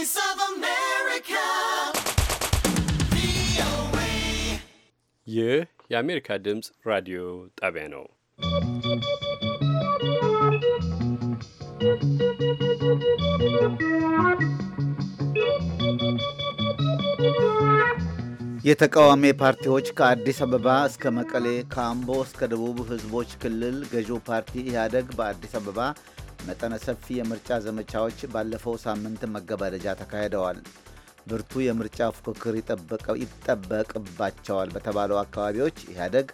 Voice of America. ይህ የአሜሪካ ድምፅ ራዲዮ ጣቢያ ነው። የተቃዋሚ ፓርቲዎች ከአዲስ አበባ እስከ መቀሌ፣ ከአምቦ እስከ ደቡብ ህዝቦች ክልል ገዢው ፓርቲ ኢህአደግ በአዲስ አበባ መጠነ ሰፊ የምርጫ ዘመቻዎች ባለፈው ሳምንት መገባደጃ ተካሂደዋል። ብርቱ የምርጫ ፉክክር ይጠበቅባቸዋል በተባለው አካባቢዎች ኢህአደግ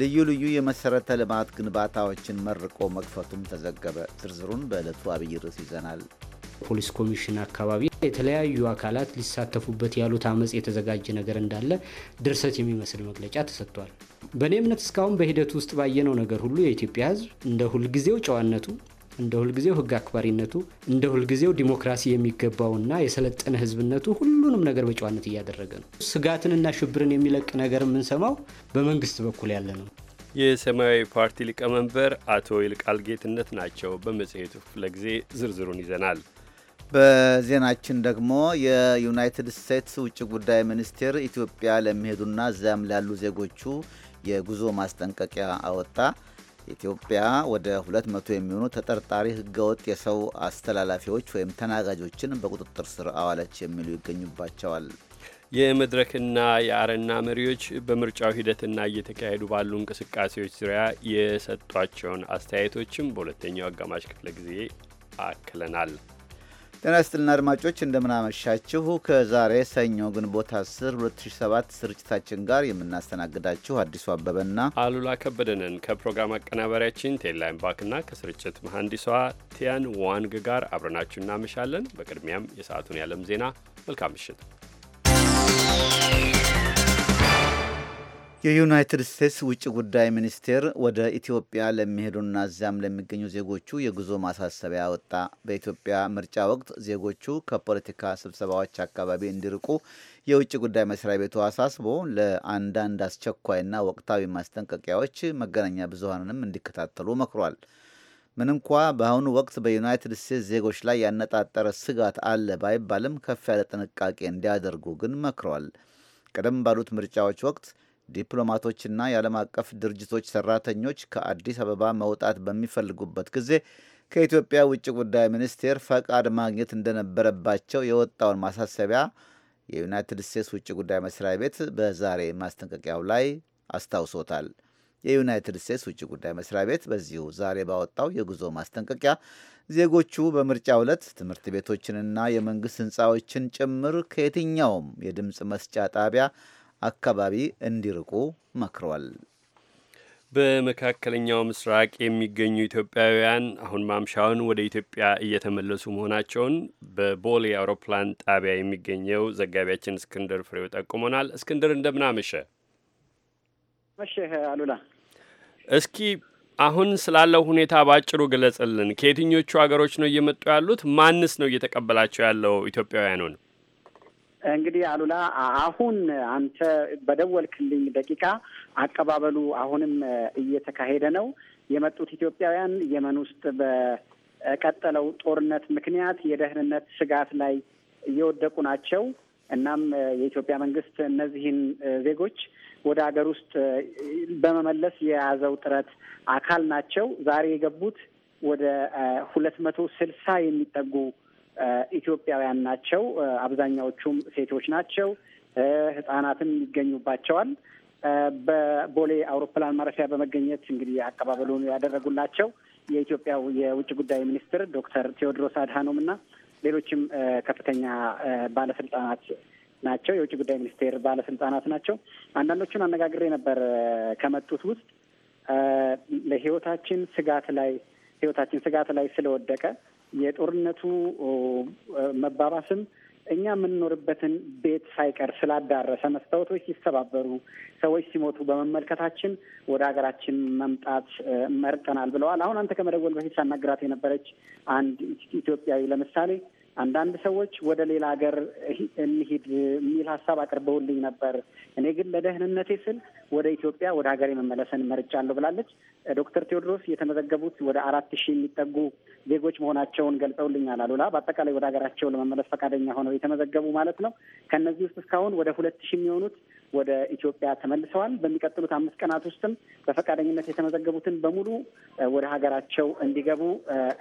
ልዩ ልዩ የመሠረተ ልማት ግንባታዎችን መርቆ መክፈቱም ተዘገበ። ዝርዝሩን በዕለቱ አብይ ርዕስ ይዘናል። ፖሊስ ኮሚሽን አካባቢ የተለያዩ አካላት ሊሳተፉበት ያሉት አመፅ የተዘጋጀ ነገር እንዳለ ድርሰት የሚመስል መግለጫ ተሰጥቷል። በእኔ እምነት እስካሁን በሂደቱ ውስጥ ባየነው ነገር ሁሉ የኢትዮጵያ ሕዝብ እንደ ሁልጊዜው ጨዋነቱ እንደ ሁልጊዜው ህግ አክባሪነቱ፣ እንደ ሁልጊዜው ዲሞክራሲ የሚገባውና የሰለጠነ ህዝብነቱ ሁሉንም ነገር በጨዋነት እያደረገ ነው። ስጋትንና ሽብርን የሚለቅ ነገር የምንሰማው በመንግስት በኩል ያለ ነው። የሰማያዊ ፓርቲ ሊቀመንበር አቶ ይልቃል ጌትነት ናቸው። በመጽሔቱ ክፍለ ጊዜ ዝርዝሩን ይዘናል። በዜናችን ደግሞ የዩናይትድ ስቴትስ ውጭ ጉዳይ ሚኒስቴር ኢትዮጵያ ለሚሄዱና እዚያም ላሉ ዜጎቹ የጉዞ ማስጠንቀቂያ አወጣ። ኢትዮጵያ ወደ 200 የሚሆኑ ተጠርጣሪ ህገወጥ የሰው አስተላላፊዎች ወይም ተናጋጆችን በቁጥጥር ስር አዋለች የሚሉ ይገኙባቸዋል። የመድረክና የአረና መሪዎች በምርጫው ሂደትና እየተካሄዱ ባሉ እንቅስቃሴዎች ዙሪያ የሰጧቸውን አስተያየቶችም በሁለተኛው አጋማሽ ክፍለ ጊዜ አክለናል። ጤና ይስጥልን አድማጮች እንደምናመሻችሁ። ከዛሬ ሰኞ ግንቦት 10 2007 ስርጭታችን ጋር የምናስተናግዳችሁ አዲሱ አበበና አሉላ ከበደንን ከፕሮግራም አቀናባሪያችን ቴሌላይም ባክና ከስርጭት መሐንዲሷ ቲያን ዋንግ ጋር አብረናችሁ እናመሻለን። በቅድሚያም የሰዓቱን የዓለም ዜና። መልካም ምሽት። የዩናይትድ ስቴትስ ውጭ ጉዳይ ሚኒስቴር ወደ ኢትዮጵያ ለሚሄዱና እዚያም ለሚገኙ ዜጎቹ የጉዞ ማሳሰቢያ ወጣ። በኢትዮጵያ ምርጫ ወቅት ዜጎቹ ከፖለቲካ ስብሰባዎች አካባቢ እንዲርቁ የውጭ ጉዳይ መስሪያ ቤቱ አሳስቦ ለአንዳንድ አስቸኳይና ወቅታዊ ማስጠንቀቂያዎች መገናኛ ብዙሀንንም እንዲከታተሉ መክሯል። ምን እንኳ በአሁኑ ወቅት በዩናይትድ ስቴትስ ዜጎች ላይ ያነጣጠረ ስጋት አለ ባይባልም ከፍ ያለ ጥንቃቄ እንዲያደርጉ ግን መክሯል። ቀደም ባሉት ምርጫዎች ወቅት ዲፕሎማቶችና የዓለም አቀፍ ድርጅቶች ሰራተኞች ከአዲስ አበባ መውጣት በሚፈልጉበት ጊዜ ከኢትዮጵያ ውጭ ጉዳይ ሚኒስቴር ፈቃድ ማግኘት እንደነበረባቸው የወጣውን ማሳሰቢያ የዩናይትድ ስቴትስ ውጭ ጉዳይ መስሪያ ቤት በዛሬ ማስጠንቀቂያው ላይ አስታውሶታል። የዩናይትድ ስቴትስ ውጭ ጉዳይ መስሪያ ቤት በዚሁ ዛሬ ባወጣው የጉዞ ማስጠንቀቂያ ዜጎቹ በምርጫ ዕለት ትምህርት ቤቶችንና የመንግሥት ሕንፃዎችን ጭምር ከየትኛውም የድምፅ መስጫ ጣቢያ አካባቢ እንዲርቁ መክረዋል። በመካከለኛው ምስራቅ የሚገኙ ኢትዮጵያውያን አሁን ማምሻውን ወደ ኢትዮጵያ እየተመለሱ መሆናቸውን በቦሌ አውሮፕላን ጣቢያ የሚገኘው ዘጋቢያችን እስክንድር ፍሬው ጠቁሞናል። እስክንድር እንደምናመሸ መሸህ አሉላ። እስኪ አሁን ስላለው ሁኔታ ባጭሩ ግለጽልን። ከየትኞቹ ሀገሮች ነው እየመጡ ያሉት? ማንስ ነው እየተቀበላቸው ያለው ኢትዮጵያውያኑን? እንግዲህ አሉላ አሁን አንተ በደወልክልኝ ደቂቃ አቀባበሉ አሁንም እየተካሄደ ነው። የመጡት ኢትዮጵያውያን የመን ውስጥ በቀጠለው ጦርነት ምክንያት የደህንነት ስጋት ላይ እየወደቁ ናቸው። እናም የኢትዮጵያ መንግስት እነዚህን ዜጎች ወደ ሀገር ውስጥ በመመለስ የያዘው ጥረት አካል ናቸው። ዛሬ የገቡት ወደ ሁለት መቶ ስልሳ የሚጠጉ ኢትዮጵያውያን ናቸው። አብዛኛዎቹም ሴቶች ናቸው። ህጻናትም ይገኙባቸዋል። በቦሌ አውሮፕላን ማረፊያ በመገኘት እንግዲህ አቀባበሉን ያደረጉላቸው የኢትዮጵያው የውጭ ጉዳይ ሚኒስትር ዶክተር ቴዎድሮስ አድሃኖም እና ሌሎችም ከፍተኛ ባለስልጣናት ናቸው። የውጭ ጉዳይ ሚኒስቴር ባለስልጣናት ናቸው። አንዳንዶቹን አነጋግሬ ነበር። ከመጡት ውስጥ ለህይወታችን ስጋት ላይ ህይወታችን ስጋት ላይ ስለወደቀ የጦርነቱ መባባስም እኛ የምንኖርበትን ቤት ሳይቀር ስላዳረሰ መስታወቶች ሲሰባበሩ፣ ሰዎች ሲሞቱ በመመልከታችን ወደ ሀገራችን መምጣት መርጠናል ብለዋል። አሁን አንተ ከመደወል በፊት ሳናግራት የነበረች አንድ ኢትዮጵያዊ ለምሳሌ አንዳንድ ሰዎች ወደ ሌላ ሀገር እንሂድ የሚል ሀሳብ አቅርበውልኝ ነበር። እኔ ግን ለደህንነቴ ስል ወደ ኢትዮጵያ ወደ ሀገሬ መመለስን መርጫለሁ ብላለች። ዶክተር ቴዎድሮስ የተመዘገቡት ወደ አራት ሺህ የሚጠጉ ዜጎች መሆናቸውን ገልጸውልኛል። አሉላ በአጠቃላይ ወደ ሀገራቸው ለመመለስ ፈቃደኛ ሆነው የተመዘገቡ ማለት ነው። ከእነዚህ ውስጥ እስካሁን ወደ ሁለት ሺህ የሚሆኑት ወደ ኢትዮጵያ ተመልሰዋል። በሚቀጥሉት አምስት ቀናት ውስጥም በፈቃደኝነት የተመዘገቡትን በሙሉ ወደ ሀገራቸው እንዲገቡ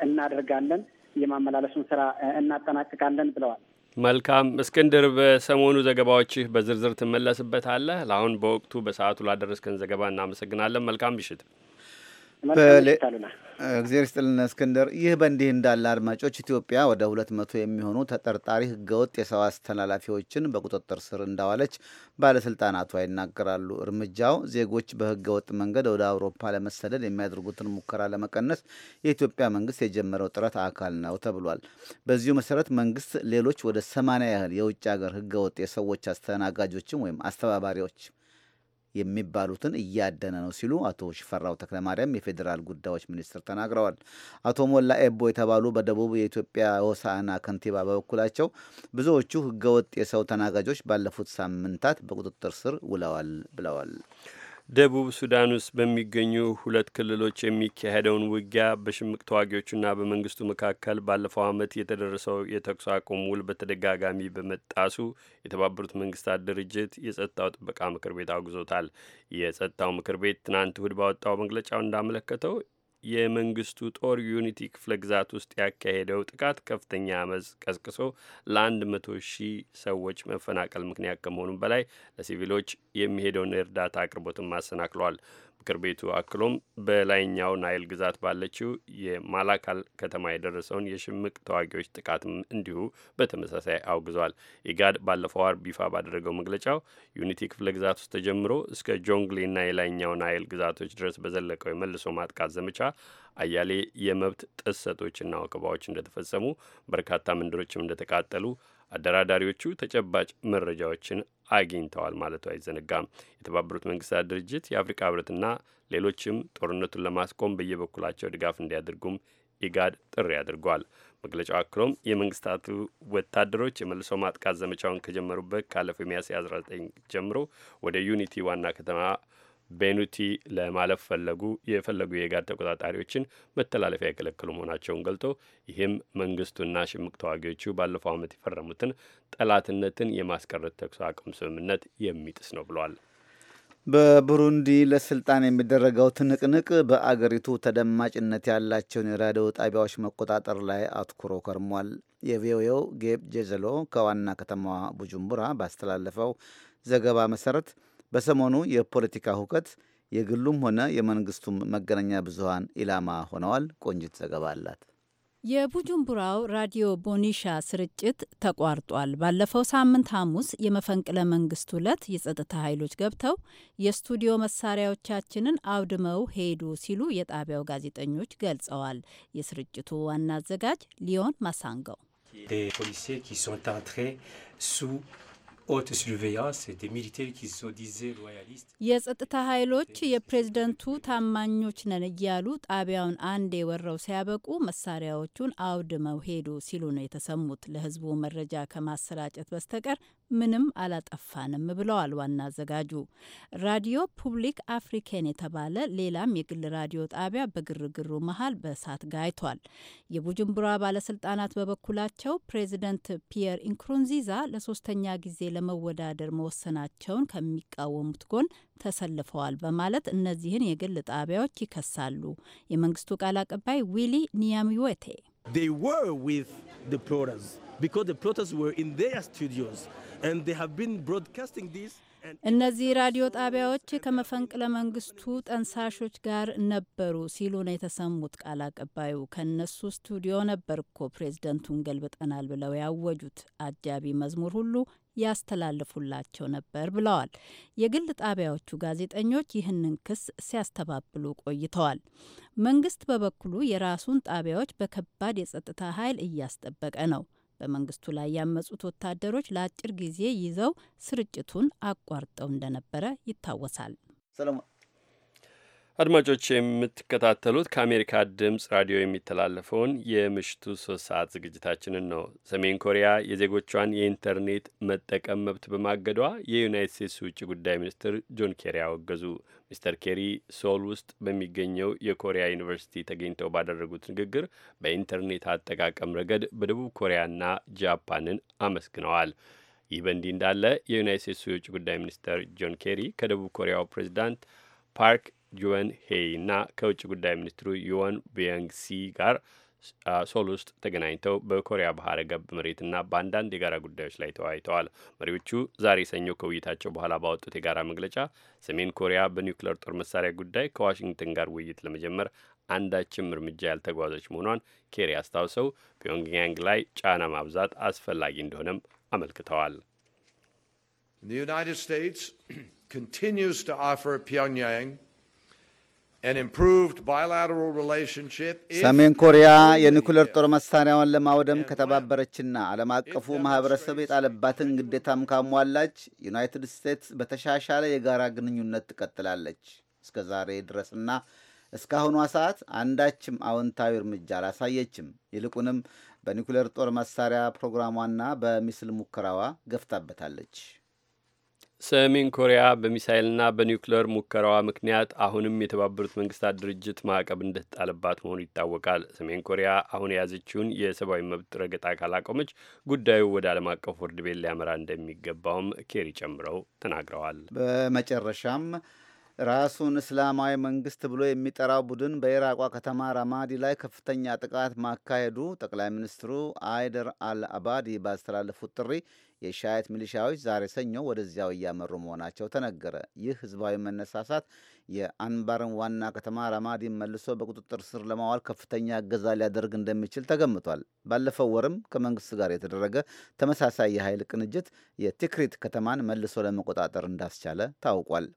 እናደርጋለን፣ የማመላለሱን ስራ እናጠናቅቃለን ብለዋል። መልካም እስክንድር፣ በሰሞኑ ዘገባዎችህ በዝርዝር ትመለስበታለህ። ለአሁን በወቅቱ በሰዓቱ ላደረስከን ዘገባ እናመሰግናለን። መልካም ምሽት። እግዚአብሔር ይስጥልን እስክንድር። ይህ በእንዲህ እንዳለ አድማጮች ኢትዮጵያ ወደ ሁለት መቶ የሚሆኑ ተጠርጣሪ ህገወጥ የሰው አስተላላፊዎችን በቁጥጥር ስር እንዳዋለች ባለስልጣናቷ ይናገራሉ። እርምጃው ዜጎች በህገወጥ መንገድ ወደ አውሮፓ ለመሰደድ የሚያደርጉትን ሙከራ ለመቀነስ የኢትዮጵያ መንግስት የጀመረው ጥረት አካል ነው ተብሏል። በዚሁ መሰረት መንግስት ሌሎች ወደ ሰማንያ ያህል የውጭ ሀገር ህገወጥ የሰዎች አስተናጋጆችን ወይም አስተባባሪዎች የሚባሉትን እያደነ ነው ሲሉ አቶ ሽፈራው ተክለማርያም የፌዴራል ጉዳዮች ሚኒስትር ተናግረዋል። አቶ ሞላ ኤቦ የተባሉ በደቡብ የኢትዮጵያ ሆሳዕና ከንቲባ በበኩላቸው ብዙዎቹ ህገወጥ የሰው ተናጋጆች ባለፉት ሳምንታት በቁጥጥር ስር ውለዋል ብለዋል። ደቡብ ሱዳን ውስጥ በሚገኙ ሁለት ክልሎች የሚካሄደውን ውጊያ በሽምቅ ተዋጊዎቹና በመንግስቱ መካከል ባለፈው ዓመት የተደረሰው የተኩስ አቁም ውል በተደጋጋሚ በመጣሱ የተባበሩት መንግስታት ድርጅት የጸጥታው ጥበቃ ምክር ቤት አውግዞታል። የጸጥታው ምክር ቤት ትናንት እሁድ ባወጣው መግለጫው እንዳመለከተው የመንግስቱ ጦር ዩኒቲ ክፍለ ግዛት ውስጥ ያካሄደው ጥቃት ከፍተኛ አመፅ ቀስቅሶ ለአንድ መቶ ሺህ ሰዎች መፈናቀል ምክንያት ከመሆኑም በላይ ለሲቪሎች የሚሄደውን እርዳታ አቅርቦትም ማሰናክሏል። ምክር ቤቱ አክሎም በላይኛው ናይል ግዛት ባለችው የማላካል ከተማ የደረሰውን የሽምቅ ተዋጊዎች ጥቃትም እንዲሁ በተመሳሳይ አውግዟል። ኢጋድ ባለፈው አርብ ይፋ ባደረገው መግለጫው ዩኒቲ ክፍለ ግዛት ውስጥ ተጀምሮ እስከ ጆንግሌና የላይኛው ናይል ግዛቶች ድረስ በዘለቀው የመልሶ ማጥቃት ዘመቻ አያሌ የመብት ጥሰቶችና ወከባዎች እንደተፈጸሙ፣ በርካታ መንደሮችም እንደተቃጠሉ አደራዳሪዎቹ ተጨባጭ መረጃዎችን አግኝተዋል ማለቱ አይዘነጋም። የተባበሩት መንግስታት ድርጅት የአፍሪካ ህብረትና ሌሎችም ጦርነቱን ለማስቆም በየበኩላቸው ድጋፍ እንዲያደርጉም ኢጋድ ጥሪ አድርጓል። መግለጫው አክሎም የመንግስታቱ ወታደሮች የመልሶ ማጥቃት ዘመቻውን ከጀመሩበት ካለፈው ሚያዝያ 19 ጀምሮ ወደ ዩኒቲ ዋና ከተማ ቤኑቲ ለማለፍ ፈለጉ የፈለጉ የጋድ ተቆጣጣሪዎችን መተላለፊያ የከለከሉ መሆናቸውን ገልጦ ይህም መንግስቱና ሽምቅ ተዋጊዎቹ ባለፈው ዓመት የፈረሙትን ጠላትነትን የማስቀረት ተኩስ አቁም ስምምነት የሚጥስ ነው ብሏል። በቡሩንዲ ለስልጣን የሚደረገው ትንቅንቅ በአገሪቱ ተደማጭነት ያላቸውን የራዲዮ ጣቢያዎች መቆጣጠር ላይ አትኩሮ ከርሟል። የቪኦኤው ጌብ ጄዘሎ ከዋና ከተማዋ ቡጁምቡራ ባስተላለፈው ዘገባ መሰረት በሰሞኑ የፖለቲካ ሁከት የግሉም ሆነ የመንግስቱም መገናኛ ብዙሃን ኢላማ ሆነዋል። ቆንጅት ዘገባ አላት። የቡጁምቡራው ራዲዮ ቦኒሻ ስርጭት ተቋርጧል። ባለፈው ሳምንት ሐሙስ የመፈንቅለ መንግስት ዕለት የጸጥታ ኃይሎች ገብተው የስቱዲዮ መሳሪያዎቻችንን አውድመው ሄዱ ሲሉ የጣቢያው ጋዜጠኞች ገልጸዋል። የስርጭቱ ዋና አዘጋጅ ሊዮን ማሳንገው የጸጥታ ኃይሎች የፕሬዝደንቱ ታማኞች ነን እያሉ ጣቢያውን አንድ የወረው ሲያበቁ መሳሪያዎቹን አውድመው ሄዱ ሲሉ ነው የተሰሙት። ለህዝቡ መረጃ ከማሰራጨት በስተቀር ምንም አላጠፋንም ብለዋል ዋና አዘጋጁ። ራዲዮ ፑብሊክ አፍሪኬን የተባለ ሌላም የግል ራዲዮ ጣቢያ በግርግሩ መሀል በእሳት ጋይቷል። የቡጅምቡራ ባለስልጣናት በበኩላቸው ፕሬዚደንት ፒየር ኢንክሩንዚዛ ለሶስተኛ ጊዜ ለመወዳደር መወሰናቸውን ከሚቃወሙት ጎን ተሰልፈዋል በማለት እነዚህን የግል ጣቢያዎች ይከሳሉ። የመንግስቱ ቃል አቀባይ ዊሊ ኒያሚዌቴ They were with the plotters because the plotters were in their studios and they have been broadcasting this. እነዚህ ራዲዮ ጣቢያዎች ከመፈንቅለ መንግስቱ ጠንሳሾች ጋር ነበሩ ሲሉ ነው የተሰሙት። ቃል አቀባዩ ከእነሱ ስቱዲዮ ነበር እኮ ፕሬዝደንቱን ገልብጠናል ብለው ያወጁት። አጃቢ መዝሙር ሁሉ ያስተላልፉላቸው ነበር ብለዋል። የግል ጣቢያዎቹ ጋዜጠኞች ይህንን ክስ ሲያስተባብሉ ቆይተዋል። መንግስት በበኩሉ የራሱን ጣቢያዎች በከባድ የጸጥታ ኃይል እያስጠበቀ ነው። በመንግስቱ ላይ ያመጹት ወታደሮች ለአጭር ጊዜ ይዘው ስርጭቱን አቋርጠው እንደነበረ ይታወሳል። ሰለሞን አድማጮች የምትከታተሉት ከአሜሪካ ድምፅ ራዲዮ የሚተላለፈውን የምሽቱ ሶስት ሰዓት ዝግጅታችንን ነው። ሰሜን ኮሪያ የዜጎቿን የኢንተርኔት መጠቀም መብት በማገዷ የዩናይት ስቴትስ ውጭ ጉዳይ ሚኒስትር ጆን ኬሪ አወገዙ። ሚስተር ኬሪ ሶል ውስጥ በሚገኘው የኮሪያ ዩኒቨርሲቲ ተገኝተው ባደረጉት ንግግር በኢንተርኔት አጠቃቀም ረገድ በደቡብ ኮሪያና ጃፓንን አመስግነዋል። ይህ በእንዲህ እንዳለ የዩናይት ስቴትስ የውጭ ጉዳይ ሚኒስትር ጆን ኬሪ ከደቡብ ኮሪያው ፕሬዚዳንት ፓርክ ዩወን ሄይ እና ከውጭ ጉዳይ ሚኒስትሩ ዩወን ቢያንግሲ ጋር ሶል ውስጥ ተገናኝተው በኮሪያ ባህረ ገብ መሬትና በአንዳንድ የጋራ ጉዳዮች ላይ ተወያይተዋል። መሪዎቹ ዛሬ ሰኞ ከውይይታቸው በኋላ ባወጡት የጋራ መግለጫ ሰሜን ኮሪያ በኒውክሌር ጦር መሳሪያ ጉዳይ ከዋሽንግተን ጋር ውይይት ለመጀመር አንዳችም እርምጃ ያልተጓዘች መሆኗን ኬሪ አስታውሰው ፒዮንግያንግ ላይ ጫና ማብዛት አስፈላጊ እንደሆነም አመልክተዋል። ዩናይትድ ስቴትስ States continues ኦፈር offer ሰሜን ኮሪያ የኒኩሌር ጦር መሳሪያዋን ለማውደም ከተባበረችና ዓለም አቀፉ ማህበረሰብ የጣለባትን ግዴታም ካሟላች ዩናይትድ ስቴትስ በተሻሻለ የጋራ ግንኙነት ትቀጥላለች። እስከ ዛሬ ድረስና እስካሁኗ ሰዓት አንዳችም አዎንታዊ እርምጃ አላሳየችም። ይልቁንም በኒኩሌር ጦር መሳሪያ ፕሮግራሟና በሚስል ሙከራዋ ገፍታበታለች። ሰሜን ኮሪያ በሚሳይልና በኒውክሌር ሙከራዋ ምክንያት አሁንም የተባበሩት መንግስታት ድርጅት ማዕቀብ እንደተጣለባት መሆኑ ይታወቃል። ሰሜን ኮሪያ አሁን የያዘችውን የሰብአዊ መብት ረገጣ ካላቆመች ጉዳዩ ወደ ዓለም አቀፍ ፍርድ ቤት ሊያመራ እንደሚገባውም ኬሪ ጨምረው ተናግረዋል። በመጨረሻም ራሱን እስላማዊ መንግስት ብሎ የሚጠራው ቡድን በኢራቋ ከተማ ራማዲ ላይ ከፍተኛ ጥቃት ማካሄዱ ጠቅላይ ሚኒስትሩ አይደር አል አባዲ ባስተላለፉት ጥሪ የሻየት ሚሊሻዎች ዛሬ ሰኞ ወደዚያው እያመሩ መሆናቸው ተነገረ። ይህ ህዝባዊ መነሳሳት የአንባርን ዋና ከተማ ራማዲን መልሶ በቁጥጥር ስር ለማዋል ከፍተኛ እገዛ ሊያደርግ እንደሚችል ተገምቷል። ባለፈው ወርም ከመንግስት ጋር የተደረገ ተመሳሳይ የኃይል ቅንጅት የቲክሪት ከተማን መልሶ ለመቆጣጠር እንዳስቻለ ታውቋል።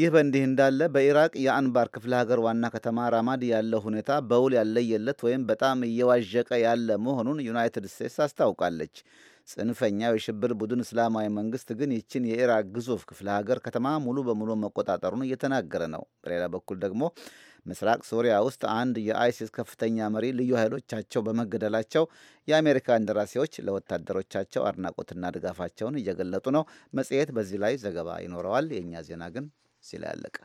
ይህ በእንዲህ እንዳለ በኢራቅ የአንባር ክፍለ ሀገር ዋና ከተማ ራማዲ ያለው ሁኔታ በውል ያለየለት ወይም በጣም እየዋዠቀ ያለ መሆኑን ዩናይትድ ስቴትስ አስታውቃለች። ጽንፈኛው የሽብር ቡድን እስላማዊ መንግስት ግን ይችን የኢራቅ ግዙፍ ክፍለ ሀገር ከተማ ሙሉ በሙሉ መቆጣጠሩን እየተናገረ ነው። በሌላ በኩል ደግሞ ምስራቅ ሶሪያ ውስጥ አንድ የአይሲስ ከፍተኛ መሪ ልዩ ኃይሎቻቸው በመገደላቸው የአሜሪካ እንደራሴዎች ለወታደሮቻቸው አድናቆትና ድጋፋቸውን እየገለጡ ነው። መጽሔት በዚህ ላይ ዘገባ ይኖረዋል። የእኛ ዜና ግን ሲላ ያለቀ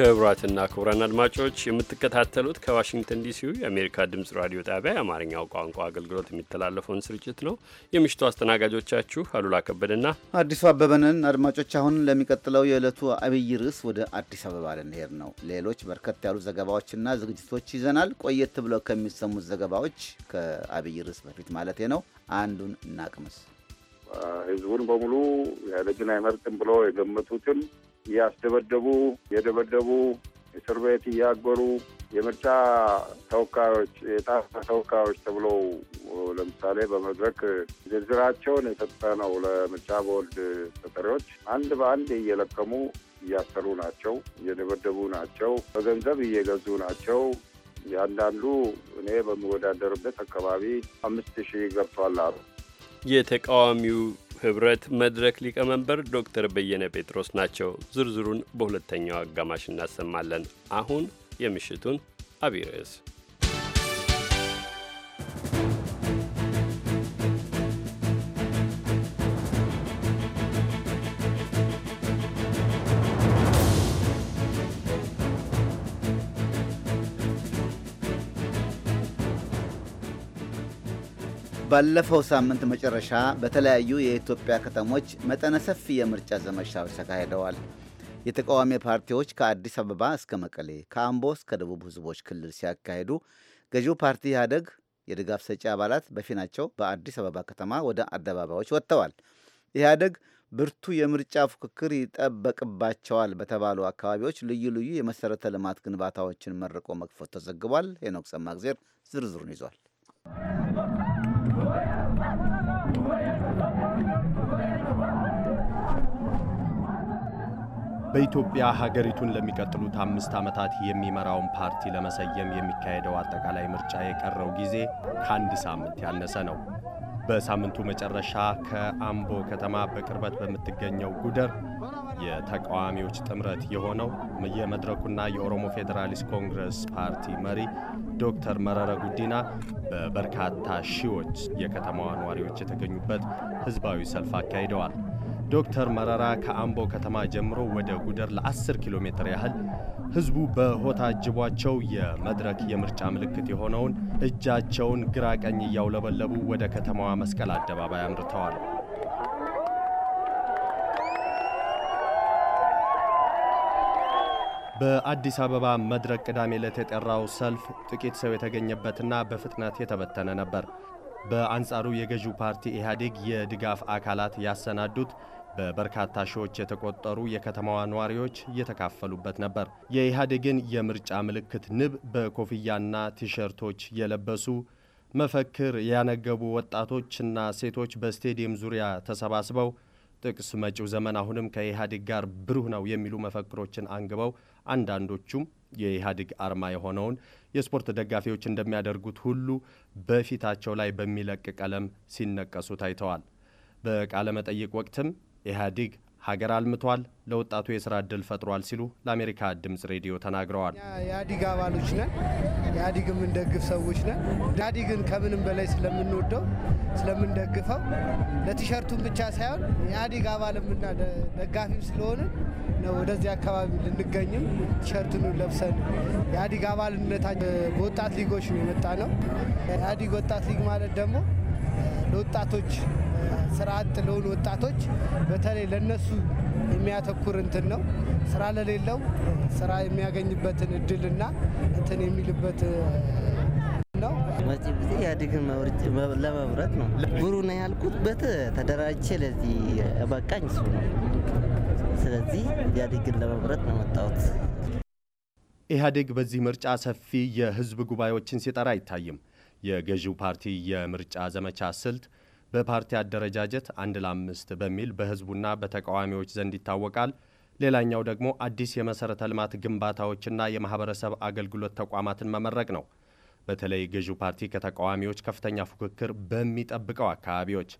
ክቡራትና ክቡራን አድማጮች የምትከታተሉት ከዋሽንግተን ዲሲው የአሜሪካ ድምፅ ራዲዮ ጣቢያ የአማርኛው ቋንቋ አገልግሎት የሚተላለፈውን ስርጭት ነው። የምሽቱ አስተናጋጆቻችሁ አሉላ ከበደና አዲሱ አበበንን። አድማጮች አሁን ለሚቀጥለው የዕለቱ አብይ ርዕስ ወደ አዲስ አበባ ልንሄድ ነው። ሌሎች በርከት ያሉ ዘገባዎችና ዝግጅቶች ይዘናል። ቆየት ብለው ከሚሰሙት ዘገባዎች ከአብይ ርዕስ በፊት ማለት ነው አንዱን እናቅምስ። ህዝቡን በሙሉ ኢህአዴግን አይመርጥም ብሎ የገመቱትን እያስደበደቡ የደበደቡ እስር ቤት እያገሩ የምርጫ ተወካዮች የጣፋ ተወካዮች ተብለው ለምሳሌ በመድረክ ዝርዝራቸውን የሰጠ ነው። ለምርጫ ቦርድ ተጠሪዎች አንድ በአንድ እየለቀሙ እያሰሩ ናቸው፣ እየደበደቡ ናቸው፣ በገንዘብ እየገዙ ናቸው። ያንዳንዱ እኔ በሚወዳደርበት አካባቢ አምስት ሺህ ገብቷል አሉ የተቃዋሚው ህብረት መድረክ ሊቀመንበር ዶክተር በየነ ጴጥሮስ ናቸው። ዝርዝሩን በሁለተኛው አጋማሽ እናሰማለን። አሁን የምሽቱን አብይ ርዕስ ባለፈው ሳምንት መጨረሻ በተለያዩ የኢትዮጵያ ከተሞች መጠነ ሰፊ የምርጫ ዘመቻዎች ተካሂደዋል። የተቃዋሚ ፓርቲዎች ከአዲስ አበባ እስከ መቀሌ፣ ከአምቦ እስከ ደቡብ ሕዝቦች ክልል ሲያካሂዱ ገዢው ፓርቲ ኢህአደግ የድጋፍ ሰጪ አባላት በፊናቸው በአዲስ አበባ ከተማ ወደ አደባባዮች ወጥተዋል። ኢህአደግ ብርቱ የምርጫ ፉክክር ይጠበቅባቸዋል በተባሉ አካባቢዎች ልዩ ልዩ የመሠረተ ልማት ግንባታዎችን መርቆ መክፈት ተዘግቧል። ሄኖክ ሰማግዜር ዝርዝሩን ይዟል። በኢትዮጵያ ሀገሪቱን ለሚቀጥሉት አምስት ዓመታት የሚመራውን ፓርቲ ለመሰየም የሚካሄደው አጠቃላይ ምርጫ የቀረው ጊዜ ከአንድ ሳምንት ያነሰ ነው። በሳምንቱ መጨረሻ ከአምቦ ከተማ በቅርበት በምትገኘው ጉደር የተቃዋሚዎች ጥምረት የሆነው የመድረኩና የኦሮሞ ፌዴራሊስት ኮንግረስ ፓርቲ መሪ ዶክተር መረረ ጉዲና በበርካታ ሺዎች የከተማዋ ነዋሪዎች የተገኙበት ህዝባዊ ሰልፍ አካሂደዋል። ዶክተር መረራ ከአምቦ ከተማ ጀምሮ ወደ ጉደር ለ10 ኪሎ ሜትር ያህል ህዝቡ በሆታ አጅቧቸው የመድረክ የምርጫ ምልክት የሆነውን እጃቸውን ግራ ቀኝ እያውለበለቡ ወደ ከተማዋ መስቀል አደባባይ አምርተዋል። በአዲስ አበባ መድረክ ቅዳሜ ዕለት የጠራው ሰልፍ ጥቂት ሰው የተገኘበትና በፍጥነት የተበተነ ነበር። በአንጻሩ የገዢው ፓርቲ ኢህአዴግ የድጋፍ አካላት ያሰናዱት በበርካታ ሺዎች የተቆጠሩ የከተማዋ ነዋሪዎች እየተካፈሉበት ነበር። የኢህአዴግን የምርጫ ምልክት ንብ በኮፍያና ቲሸርቶች የለበሱ መፈክር ያነገቡ ወጣቶችና ሴቶች በስቴዲየም ዙሪያ ተሰባስበው ጥቅስ መጪው ዘመን አሁንም ከኢህአዴግ ጋር ብሩህ ነው የሚሉ መፈክሮችን አንግበው አንዳንዶቹም የኢህአዴግ አርማ የሆነውን የስፖርት ደጋፊዎች እንደሚያደርጉት ሁሉ በፊታቸው ላይ በሚለቅ ቀለም ሲነቀሱ ታይተዋል። በቃለ መጠይቅ ወቅትም ኢህአዲግ ሀገር አልምቷል፣ ለወጣቱ የስራ እድል ፈጥሯል ሲሉ ለአሜሪካ ድምፅ ሬዲዮ ተናግረዋል። የኢህአዴግ አባሎች ነን፣ ኢህአዴግ የምንደግፍ ሰዎች ነን። ኢህአዲግን ከምንም በላይ ስለምንወደው ስለምንደግፈው፣ ለቲሸርቱን ብቻ ሳይሆን የኢህአዴግ አባልምና ደጋፊም ስለሆነ ነው ወደዚህ አካባቢ ልንገኝም ቲሸርቱን ለብሰን የአዲግ አባልነታችን በወጣት ሊጎች ነው የመጣ ነው። ኢህአዴግ ወጣት ሊግ ማለት ደግሞ ለወጣቶች ስራ አጥ ለሆኑ ወጣቶች በተለይ ለነሱ የሚያተኩር እንትን ነው። ስራ ለሌለው ስራ የሚያገኝበትን እድልና እንትን የሚልበት ነው። መጪ ጊዜ ኢህአዴግን ለመምረጥ ነው። ብሩህ ነው ያልኩት በት ተደራጅቼ ለዚህ በቃኝ እሱ ነው። ስለዚህ ኢህአዴግን ለመምረጥ ነው መጣሁት። ኢህአዴግ በዚህ ምርጫ ሰፊ የህዝብ ጉባኤዎችን ሲጠራ አይታይም። የገዢው ፓርቲ የምርጫ ዘመቻ ስልት በፓርቲ አደረጃጀት አንድ ለአምስት በሚል በህዝቡና በተቃዋሚዎች ዘንድ ይታወቃል። ሌላኛው ደግሞ አዲስ የመሠረተ ልማት ግንባታዎችና የማህበረሰብ አገልግሎት ተቋማትን መመረቅ ነው። በተለይ ገዢው ፓርቲ ከተቃዋሚዎች ከፍተኛ ፉክክር በሚጠብቀው አካባቢዎች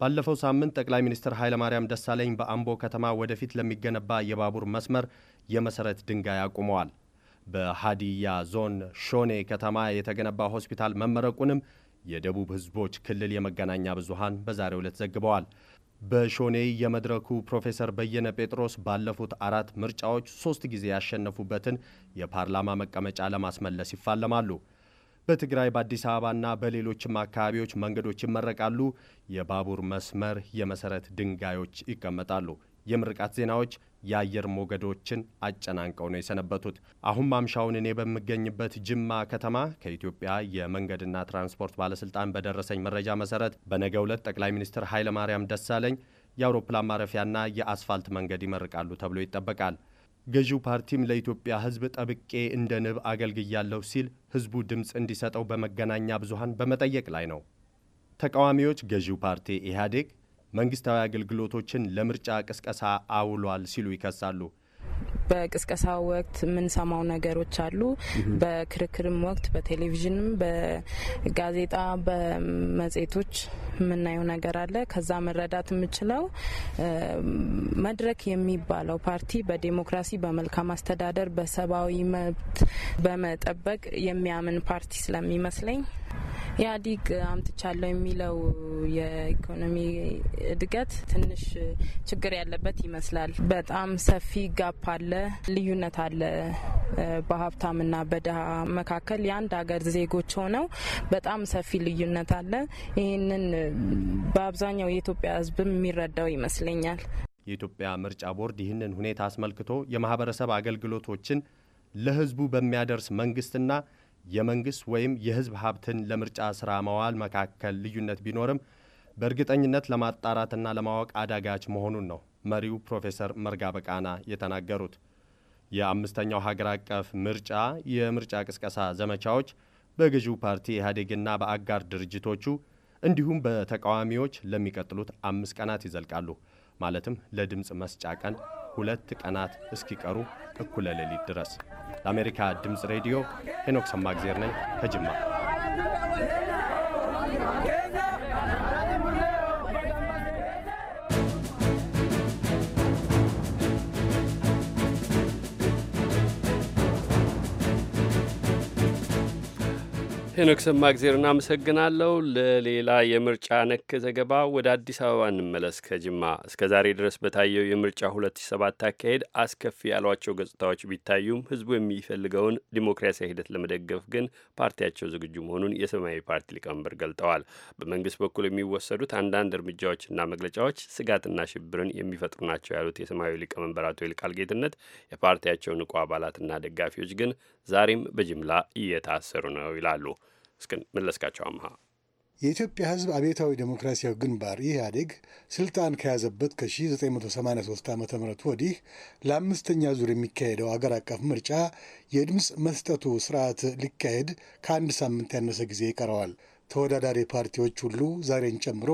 ባለፈው ሳምንት ጠቅላይ ሚኒስትር ኃይለማርያም ደሳለኝ በአምቦ ከተማ ወደፊት ለሚገነባ የባቡር መስመር የመሠረት ድንጋይ አቁመዋል። በሃዲያ ዞን ሾኔ ከተማ የተገነባ ሆስፒታል መመረቁንም የደቡብ ህዝቦች ክልል የመገናኛ ብዙሃን በዛሬው ዕለት ዘግበዋል። በሾኔ የመድረኩ ፕሮፌሰር በየነ ጴጥሮስ ባለፉት አራት ምርጫዎች ሶስት ጊዜ ያሸነፉበትን የፓርላማ መቀመጫ ለማስመለስ ይፋለማሉ። በትግራይ በአዲስ አበባና በሌሎችም አካባቢዎች መንገዶች ይመረቃሉ። የባቡር መስመር የመሰረት ድንጋዮች ይቀመጣሉ። የምርቃት ዜናዎች የአየር ሞገዶችን አጨናንቀው ነው የሰነበቱት። አሁን ማምሻውን እኔ በምገኝበት ጅማ ከተማ ከኢትዮጵያ የመንገድና ትራንስፖርት ባለስልጣን በደረሰኝ መረጃ መሰረት በነገ ዕለት ጠቅላይ ሚኒስትር ኃይለማርያም ደሳለኝ የአውሮፕላን ማረፊያና የአስፋልት መንገድ ይመርቃሉ ተብሎ ይጠበቃል። ገዢው ፓርቲም ለኢትዮጵያ ሕዝብ ጠብቄ እንደ ንብ አገልግያለሁ ሲል ሕዝቡ ድምፅ እንዲሰጠው በመገናኛ ብዙሃን በመጠየቅ ላይ ነው። ተቃዋሚዎች ገዢው ፓርቲ ኢህአዴግ መንግስታዊ አገልግሎቶችን ለምርጫ ቅስቀሳ አውሏል ሲሉ ይከሳሉ። በቅስቀሳ ወቅት የምንሰማው ነገሮች አሉ። በክርክርም ወቅት በቴሌቪዥንም፣ በጋዜጣ፣ በመጽሔቶች የምናየው ነገር አለ። ከዛ መረዳት የምችለው መድረክ የሚባለው ፓርቲ በዴሞክራሲ፣ በመልካም አስተዳደር፣ በሰብአዊ መብት በመጠበቅ የሚያምን ፓርቲ ስለሚመስለኝ ኢህአዲግ አምጥቻለሁ የሚለው የኢኮኖሚ እድገት ትንሽ ችግር ያለበት ይመስላል። በጣም ሰፊ ጋፕ አለ፣ ልዩነት አለ በሀብታምና በድሀ መካከል የአንድ ሀገር ዜጎች ሆነው በጣም ሰፊ ልዩነት አለ። ይህንን በአብዛኛው የኢትዮጵያ ሕዝብም የሚረዳው ይመስለኛል። የኢትዮጵያ ምርጫ ቦርድ ይህንን ሁኔታ አስመልክቶ የማህበረሰብ አገልግሎቶችን ለሕዝቡ በሚያደርስ መንግስትና የመንግስት ወይም የህዝብ ሀብትን ለምርጫ ስራ መዋል መካከል ልዩነት ቢኖርም በእርግጠኝነት ለማጣራትና ለማወቅ አዳጋች መሆኑን ነው መሪው ፕሮፌሰር መርጋ በቃና የተናገሩት። የአምስተኛው ሀገር አቀፍ ምርጫ የምርጫ ቅስቀሳ ዘመቻዎች በገዢው ፓርቲ ኢህአዴግና በአጋር ድርጅቶቹ እንዲሁም በተቃዋሚዎች ለሚቀጥሉት አምስት ቀናት ይዘልቃሉ። ማለትም ለድምፅ መስጫ ቀን ሁለት ቀናት እስኪቀሩ እኩለ ሌሊት ድረስ ለአሜሪካ ድምፅ ሬዲዮ ሄኖክ ሰማግዜር ነኝ ከጅማ ሄኖክ ሰማ እግዜር እናመሰግናለሁ። ለሌላ የምርጫ ነክ ዘገባ ወደ አዲስ አበባ እንመለስ። ከጅማ እስከ ዛሬ ድረስ በታየው የምርጫ 2007 አካሄድ አስከፊ ያሏቸው ገጽታዎች ቢታዩም ህዝቡ የሚፈልገውን ዲሞክራሲያዊ ሂደት ለመደገፍ ግን ፓርቲያቸው ዝግጁ መሆኑን የሰማያዊ ፓርቲ ሊቀመንበር ገልጠዋል። በመንግስት በኩል የሚወሰዱት አንዳንድ እርምጃዎችና መግለጫዎች ስጋትና ሽብርን የሚፈጥሩ ናቸው ያሉት የሰማያዊ ሊቀመንበር አቶ ይልቃል ጌትነት የፓርቲያቸው ንቁ አባላትና ደጋፊዎች ግን ዛሬም በጅምላ እየታሰሩ ነው ይላሉ። መለስካቸው አምሃ የኢትዮጵያ ሕዝብ አብዮታዊ ዴሞክራሲያዊ ግንባር ኢህአዴግ ስልጣን ከያዘበት ከ1983 ዓ ም ወዲህ ለአምስተኛ ዙር የሚካሄደው አገር አቀፍ ምርጫ የድምፅ መስጠቱ ስርዓት ሊካሄድ ከአንድ ሳምንት ያነሰ ጊዜ ይቀረዋል። ተወዳዳሪ ፓርቲዎች ሁሉ ዛሬን ጨምሮ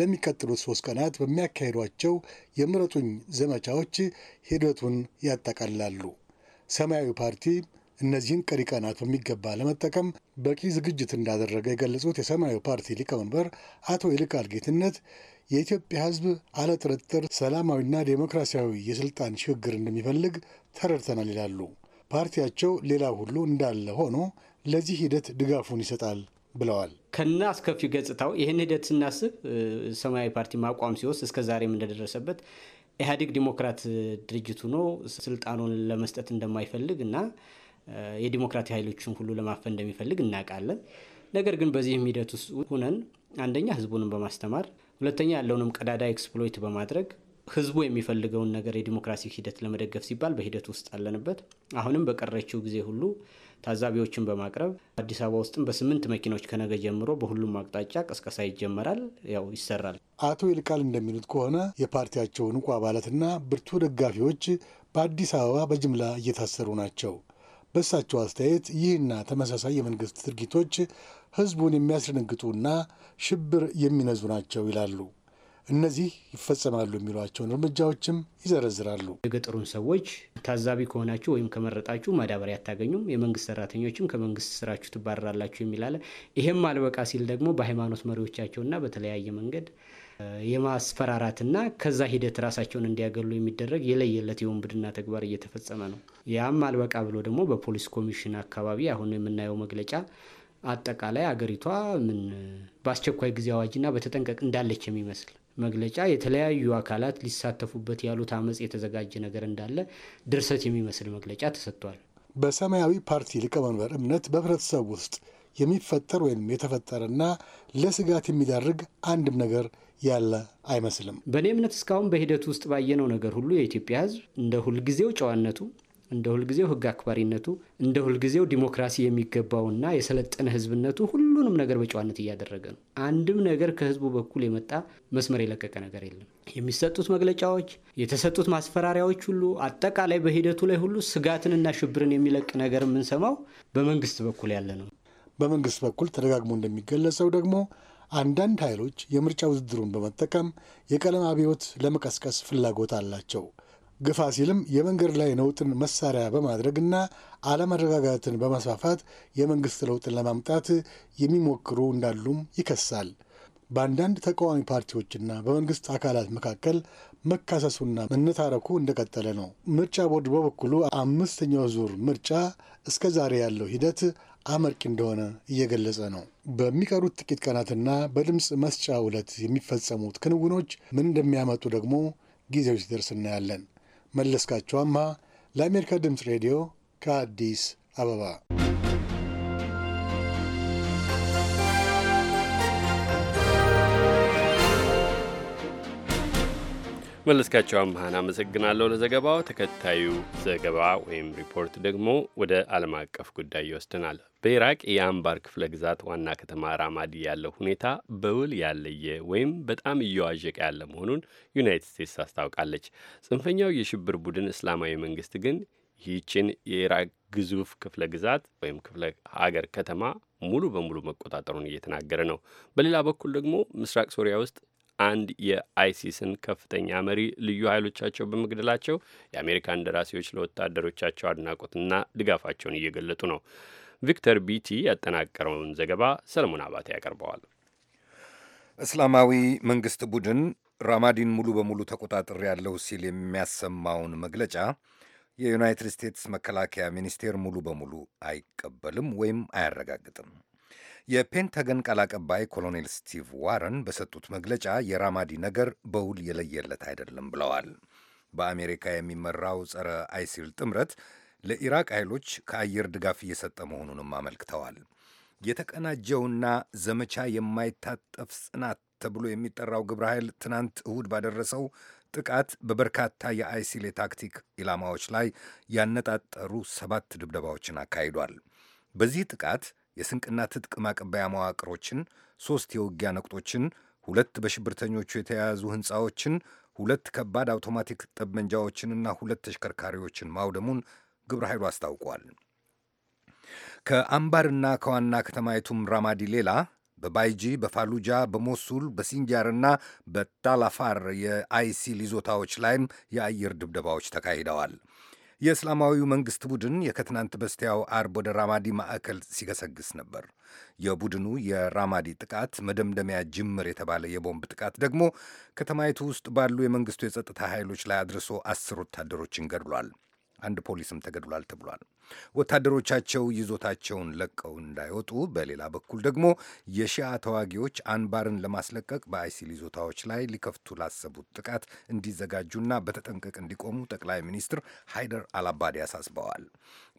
ለሚቀጥሉት ሶስት ቀናት በሚያካሂዷቸው የምረጡኝ ዘመቻዎች ሂደቱን ያጠቃላሉ። ሰማያዊ ፓርቲ እነዚህን ቀሪ ቀናት በሚገባ ለመጠቀም በቂ ዝግጅት እንዳደረገ የገለጹት የሰማያዊ ፓርቲ ሊቀመንበር አቶ ይልቃል ጌትነት የኢትዮጵያ ሕዝብ አለ ጥርጥር ሰላማዊና ዴሞክራሲያዊ የስልጣን ሽግግር እንደሚፈልግ ተረድተናል ይላሉ። ፓርቲያቸው ሌላ ሁሉ እንዳለ ሆኖ ለዚህ ሂደት ድጋፉን ይሰጣል ብለዋል። ከና አስከፊ ገጽታው ይህን ሂደት ስናስብ ሰማያዊ ፓርቲ ማቋም ሲወስድ እስከ ዛሬም እንደደረሰበት ኢህአዴግ ዲሞክራት ድርጅት ሆኖ ስልጣኑን ለመስጠት እንደማይፈልግ እና የዲሞክራቲ ኃይሎችን ሁሉ ለማፈን እንደሚፈልግ እናውቃለን። ነገር ግን በዚህም ሂደት ውስጥ ሁነን አንደኛ ህዝቡንም በማስተማር ሁለተኛ ያለውንም ቀዳዳ ኤክስፕሎይት በማድረግ ህዝቡ የሚፈልገውን ነገር የዲሞክራሲ ሂደት ለመደገፍ ሲባል በሂደት ውስጥ አለንበት። አሁንም በቀረችው ጊዜ ሁሉ ታዛቢዎችን በማቅረብ አዲስ አበባ ውስጥም በስምንት መኪናዎች ከነገ ጀምሮ በሁሉም አቅጣጫ ቀስቀሳ ይጀመራል፣ ያው ይሰራል። አቶ ይልቃል እንደሚሉት ከሆነ የፓርቲያቸውን ንቁ አባላትና ብርቱ ደጋፊዎች በአዲስ አበባ በጅምላ እየታሰሩ ናቸው። በእሳቸው አስተያየት ይህና ተመሳሳይ የመንግስት ድርጊቶች ህዝቡን የሚያስደነግጡና ሽብር የሚነዙ ናቸው ይላሉ። እነዚህ ይፈጸማሉ የሚሏቸውን እርምጃዎችም ይዘረዝራሉ። የገጠሩን ሰዎች ታዛቢ ከሆናችሁ ወይም ከመረጣችሁ ማዳበሪያ አታገኙም፣ የመንግስት ሰራተኞችም ከመንግስት ስራችሁ ትባረራላችሁ የሚላለ ይሄም አልበቃ ሲል ደግሞ በሃይማኖት መሪዎቻቸውና በተለያየ መንገድ የማስፈራራትና ከዛ ሂደት ራሳቸውን እንዲያገሉ የሚደረግ የለየለት የወንብድና ተግባር እየተፈጸመ ነው። ያም አልበቃ ብሎ ደግሞ በፖሊስ ኮሚሽን አካባቢ አሁን የምናየው መግለጫ አጠቃላይ አገሪቷ ምን በአስቸኳይ ጊዜ አዋጅና በተጠንቀቅ እንዳለች የሚመስል መግለጫ የተለያዩ አካላት ሊሳተፉበት ያሉት አመፅ የተዘጋጀ ነገር እንዳለ ድርሰት የሚመስል መግለጫ ተሰጥቷል። በሰማያዊ ፓርቲ ሊቀመንበር እምነት በህብረተሰብ ውስጥ የሚፈጠር ወይም የተፈጠረና ለስጋት የሚዳርግ አንድም ነገር ያለ አይመስልም። በእኔ እምነት እስካሁን በሂደቱ ውስጥ ባየነው ነገር ሁሉ የኢትዮጵያ ሕዝብ እንደ ሁልጊዜው ጨዋነቱ፣ እንደ ሁልጊዜው ሕግ አክባሪነቱ፣ እንደ ሁልጊዜው ዲሞክራሲ የሚገባውና የሰለጠነ ሕዝብነቱ ሁሉንም ነገር በጨዋነት እያደረገ ነው። አንድም ነገር ከሕዝቡ በኩል የመጣ መስመር የለቀቀ ነገር የለም። የሚሰጡት መግለጫዎች፣ የተሰጡት ማስፈራሪያዎች ሁሉ አጠቃላይ በሂደቱ ላይ ሁሉ ስጋትንና ሽብርን የሚለቅ ነገር የምንሰማው በመንግስት በኩል ያለ ነው። በመንግስት በኩል ተደጋግሞ እንደሚገለጸው ደግሞ አንዳንድ ኃይሎች የምርጫ ውድድሩን በመጠቀም የቀለም አብዮት ለመቀስቀስ ፍላጎት አላቸው። ግፋ ሲልም የመንገድ ላይ ነውጥን መሳሪያ በማድረግና አለመረጋጋትን በማስፋፋት የመንግስት ለውጥን ለማምጣት የሚሞክሩ እንዳሉም ይከሳል። በአንዳንድ ተቃዋሚ ፓርቲዎችና በመንግስት አካላት መካከል መካሰሱና መነታረኩ እንደቀጠለ ነው። ምርጫ ቦርድ በበኩሉ አምስተኛው ዙር ምርጫ እስከ ዛሬ ያለው ሂደት አመርቂ እንደሆነ እየገለጸ ነው። በሚቀሩት ጥቂት ቀናትና በድምፅ መስጫ ዕለት የሚፈጸሙት ክንውኖች ምን እንደሚያመጡ ደግሞ ጊዜው ሲደርስ እናያለን። መለስካቸው አምሃ ለአሜሪካ ድምፅ ሬዲዮ ከአዲስ አበባ መለስካቸው አምሃን አመሰግናለሁ ለዘገባው። ተከታዩ ዘገባ ወይም ሪፖርት ደግሞ ወደ ዓለም አቀፍ ጉዳይ ይወስደናል። በኢራቅ የአንባር ክፍለ ግዛት ዋና ከተማ ራማዲ ያለው ሁኔታ በውል ያለየ ወይም በጣም እየዋዠቀ ያለ መሆኑን ዩናይትድ ስቴትስ አስታውቃለች። ጽንፈኛው የሽብር ቡድን እስላማዊ መንግስት ግን ይህችን የኢራቅ ግዙፍ ክፍለ ግዛት ወይም ክፍለ ሀገር ከተማ ሙሉ በሙሉ መቆጣጠሩን እየተናገረ ነው። በሌላ በኩል ደግሞ ምስራቅ ሶሪያ ውስጥ አንድ የአይሲስን ከፍተኛ መሪ ልዩ ኃይሎቻቸው በመግደላቸው የአሜሪካን ደራሲዎች ለወታደሮቻቸው አድናቆትና ድጋፋቸውን እየገለጡ ነው። ቪክተር ቢቲ ያጠናቀረውን ዘገባ ሰለሞን አባቴ ያቀርበዋል። እስላማዊ መንግሥት ቡድን ራማዲን ሙሉ በሙሉ ተቆጣጠር ያለው ሲል የሚያሰማውን መግለጫ የዩናይትድ ስቴትስ መከላከያ ሚኒስቴር ሙሉ በሙሉ አይቀበልም ወይም አያረጋግጥም። የፔንታገን ቃል አቀባይ ኮሎኔል ስቲቭ ዋረን በሰጡት መግለጫ የራማዲ ነገር በውል የለየለት አይደለም ብለዋል። በአሜሪካ የሚመራው ጸረ አይሲል ጥምረት ለኢራቅ ኃይሎች ከአየር ድጋፍ እየሰጠ መሆኑንም አመልክተዋል። የተቀናጀውና ዘመቻ የማይታጠፍ ጽናት ተብሎ የሚጠራው ግብረ ኃይል ትናንት እሁድ ባደረሰው ጥቃት በበርካታ የአይሲል የታክቲክ ኢላማዎች ላይ ያነጣጠሩ ሰባት ድብደባዎችን አካሂዷል። በዚህ ጥቃት የስንቅና ትጥቅ ማቀበያ መዋቅሮችን፣ ሦስት የውጊያ ነቁጦችን፣ ሁለት በሽብርተኞቹ የተያያዙ ሕንፃዎችን፣ ሁለት ከባድ አውቶማቲክ ጠብመንጃዎችንና ሁለት ተሽከርካሪዎችን ማውደሙን ግብረ ኃይሉ አስታውቋል። ከአምባርና ከዋና ከተማይቱም ራማዲ ሌላ በባይጂ በፋሉጃ በሞሱል በሲንጃርና በጣላፋር የአይሲል ይዞታዎች ላይም የአየር ድብደባዎች ተካሂደዋል። የእስላማዊው መንግሥት ቡድን የከትናንት በስቲያው አርብ ወደ ራማዲ ማዕከል ሲገሰግስ ነበር። የቡድኑ የራማዲ ጥቃት መደምደሚያ ጅምር የተባለ የቦምብ ጥቃት ደግሞ ከተማይቱ ውስጥ ባሉ የመንግሥቱ የጸጥታ ኃይሎች ላይ አድርሶ አስር ወታደሮችን ገድሏል። አንድ ፖሊስም ተገድሏል ተብሏል። ወታደሮቻቸው ይዞታቸውን ለቀው እንዳይወጡ፣ በሌላ በኩል ደግሞ የሺአ ተዋጊዎች አንባርን ለማስለቀቅ በአይሲል ይዞታዎች ላይ ሊከፍቱ ላሰቡት ጥቃት እንዲዘጋጁና በተጠንቀቅ እንዲቆሙ ጠቅላይ ሚኒስትር ሃይደር አልአባዲ አሳስበዋል።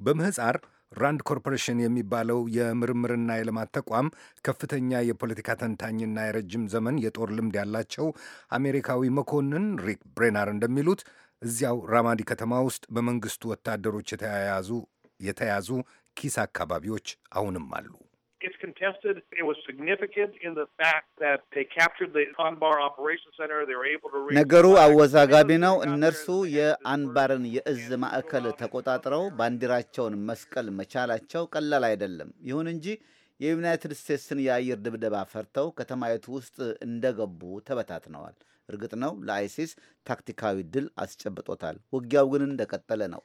በምህፃር ራንድ ኮርፖሬሽን የሚባለው የምርምርና የልማት ተቋም ከፍተኛ የፖለቲካ ተንታኝና የረጅም ዘመን የጦር ልምድ ያላቸው አሜሪካዊ መኮንን ሪክ ብሬናር እንደሚሉት እዚያው ራማዲ ከተማ ውስጥ በመንግስቱ ወታደሮች የተያያዙ የተያዙ ኪስ አካባቢዎች አሁንም አሉ። ነገሩ አወዛጋቢ ነው። እነርሱ የአንባርን የእዝ ማዕከል ተቆጣጥረው ባንዲራቸውን መስቀል መቻላቸው ቀላል አይደለም። ይሁን እንጂ የዩናይትድ ስቴትስን የአየር ድብደባ ፈርተው ከተማይቱ ውስጥ እንደገቡ ተበታትነዋል። እርግጥ ነው ለአይሲስ ታክቲካዊ ድል አስጨብጦታል። ውጊያው ግን እንደቀጠለ ነው።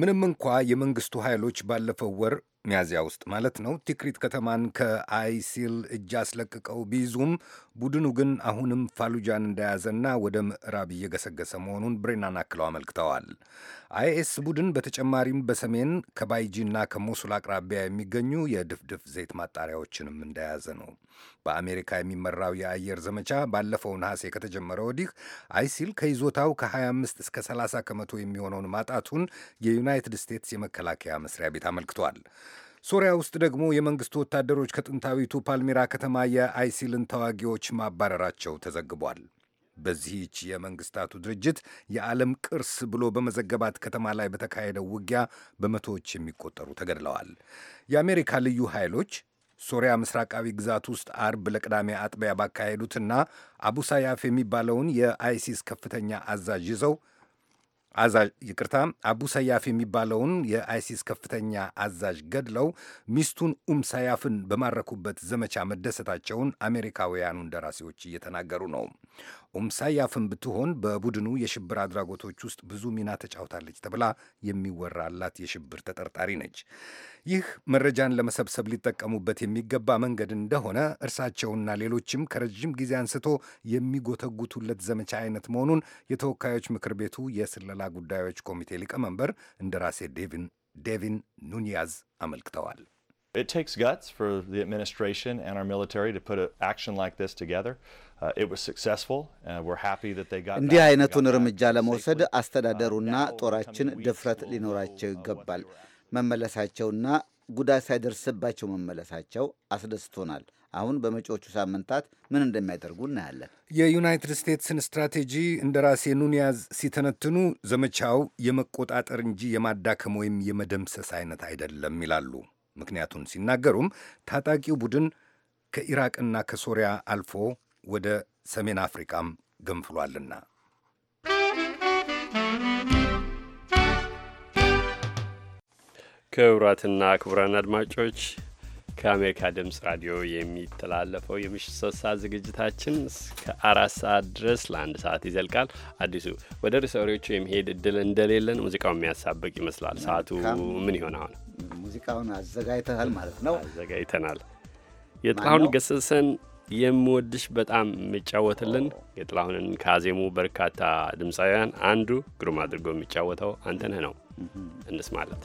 ምንም እንኳ የመንግስቱ ኃይሎች ባለፈው ወር ሚያዚያ ውስጥ ማለት ነው ቲክሪት ከተማን ከአይሲል እጅ አስለቅቀው ቢይዙም ቡድኑ ግን አሁንም ፋሉጃን እንደያዘና ወደ ምዕራብ እየገሰገሰ መሆኑን ብሬናን አክለው አመልክተዋል። አይኤስ ቡድን በተጨማሪም በሰሜን ከባይጂና ከሞሱል አቅራቢያ የሚገኙ የድፍድፍ ዘይት ማጣሪያዎችንም እንደያዘ ነው። በአሜሪካ የሚመራው የአየር ዘመቻ ባለፈው ነሐሴ ከተጀመረ ወዲህ አይሲል ከይዞታው ከ25 እስከ 30 ከመቶ የሚሆነውን ማጣቱን የዩናይትድ ስቴትስ የመከላከያ መስሪያ ቤት አመልክቷል። ሶሪያ ውስጥ ደግሞ የመንግስቱ ወታደሮች ከጥንታዊቱ ፓልሚራ ከተማ የአይሲልን ተዋጊዎች ማባረራቸው ተዘግቧል። በዚህች የመንግስታቱ ድርጅት የዓለም ቅርስ ብሎ በመዘገባት ከተማ ላይ በተካሄደው ውጊያ በመቶዎች የሚቆጠሩ ተገድለዋል። የአሜሪካ ልዩ ኃይሎች ሶሪያ ምስራቃዊ ግዛት ውስጥ አርብ ለቅዳሜ አጥቢያ ባካሄዱትና አቡሳያፍ የሚባለውን የአይሲስ ከፍተኛ አዛዥ ይዘው አዛዥ ይቅርታ አቡ ሰያፍ የሚባለውን የአይሲስ ከፍተኛ አዛዥ ገድለው ሚስቱን ኡም ሰያፍን በማረኩበት ዘመቻ መደሰታቸውን አሜሪካውያኑ እንደራሴዎች እየተናገሩ ነው። ኡም ሰያፍን ብትሆን በቡድኑ የሽብር አድራጎቶች ውስጥ ብዙ ሚና ተጫውታለች ተብላ የሚወራላት የሽብር ተጠርጣሪ ነች። ይህ መረጃን ለመሰብሰብ ሊጠቀሙበት የሚገባ መንገድ እንደሆነ እርሳቸውና ሌሎችም ከረዥም ጊዜ አንስቶ የሚጎተጉቱለት ዘመቻ አይነት መሆኑን የተወካዮች ምክር ቤቱ የስለላ የስልጠና ጉዳዮች ኮሚቴ ሊቀመንበር እንደራሴ ዴቪን ዴቪን ኑኒያዝ አመልክተዋል። It takes guts for the administration and our military to put an action like this together. Uh, uh, እንዲህ አይነቱን እርምጃ ለመውሰድ አስተዳደሩና um, ጦራችን ድፍረት ሊኖራቸው uh, ይገባል። መመለሳቸውና ጉዳት ሳይደርስባቸው መመለሳቸው አስደስቶናል፣ አሁን በመጪዎቹ ሳምንታት ምን እንደሚያደርጉ እናያለን። የዩናይትድ ስቴትስን ስትራቴጂ ራሴ ኑንያዝ ሲተነትኑ ዘመቻው የመቆጣጠር እንጂ የማዳከም ወይም የመደምሰስ አይነት አይደለም ይላሉ። ምክንያቱን ሲናገሩም ታጣቂው ቡድን ከኢራቅና ከሶሪያ አልፎ ወደ ሰሜን አፍሪካም ገንፍሏልና። ክቡራትና ክቡራን አድማጮች ከአሜሪካ ድምጽ ራዲዮ የሚተላለፈው የምሽት ሶስት ሰዓት ዝግጅታችን እስከ አራት ሰዓት ድረስ ለአንድ ሰዓት ይዘልቃል። አዲሱ ወደ ርዕሰ ወሬዎቹ የሚሄድ እድል እንደሌለን ሙዚቃው የሚያሳብቅ ይመስላል። ሰዓቱ ምን ይሆን? አሁን ሙዚቃውን አዘጋጅተናል ማለት ነው። አዘጋጅተናል። የጥላሁን ገሰሰን የምወድሽ በጣም የሚጫወትልን የጥላሁንን ካዜሙ በርካታ ድምፃውያን አንዱ ግሩም አድርጎ የሚጫወተው አንተነህ ነው። እንስ ማለት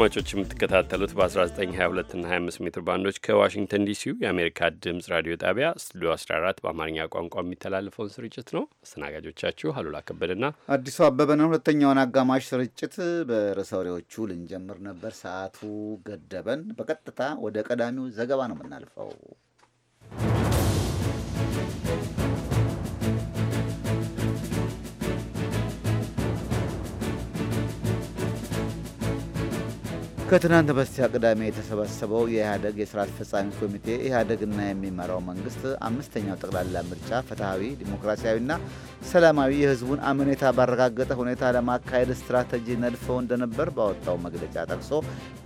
አድማጮች የምትከታተሉት በ1922 እና 25 ሜትር ባንዶች ከዋሽንግተን ዲሲው የአሜሪካ ድምፅ ራዲዮ ጣቢያ ስቱዲዮ 14 በአማርኛ ቋንቋ የሚተላለፈውን ስርጭት ነው። አስተናጋጆቻችሁ አሉላ ከበደና አዲሱ አበበን። ሁለተኛውን አጋማሽ ስርጭት በርዕሰ ወሬዎቹ ልንጀምር ነበር፣ ሰዓቱ ገደበን። በቀጥታ ወደ ቀዳሚው ዘገባ ነው የምናልፈው። ከትናንት በስቲያ ቅዳሜ የተሰበሰበው የኢህአደግ የስራ አስፈጻሚ ኮሚቴ ኢህአደግና የሚመራው መንግስት አምስተኛው ጠቅላላ ምርጫ ፍትሐዊ፣ ዲሞክራሲያዊና ሰላማዊ የህዝቡን አመኔታ ባረጋገጠ ሁኔታ ለማካሄድ ስትራቴጂ ነድፈው እንደነበር ባወጣው መግለጫ ጠቅሶ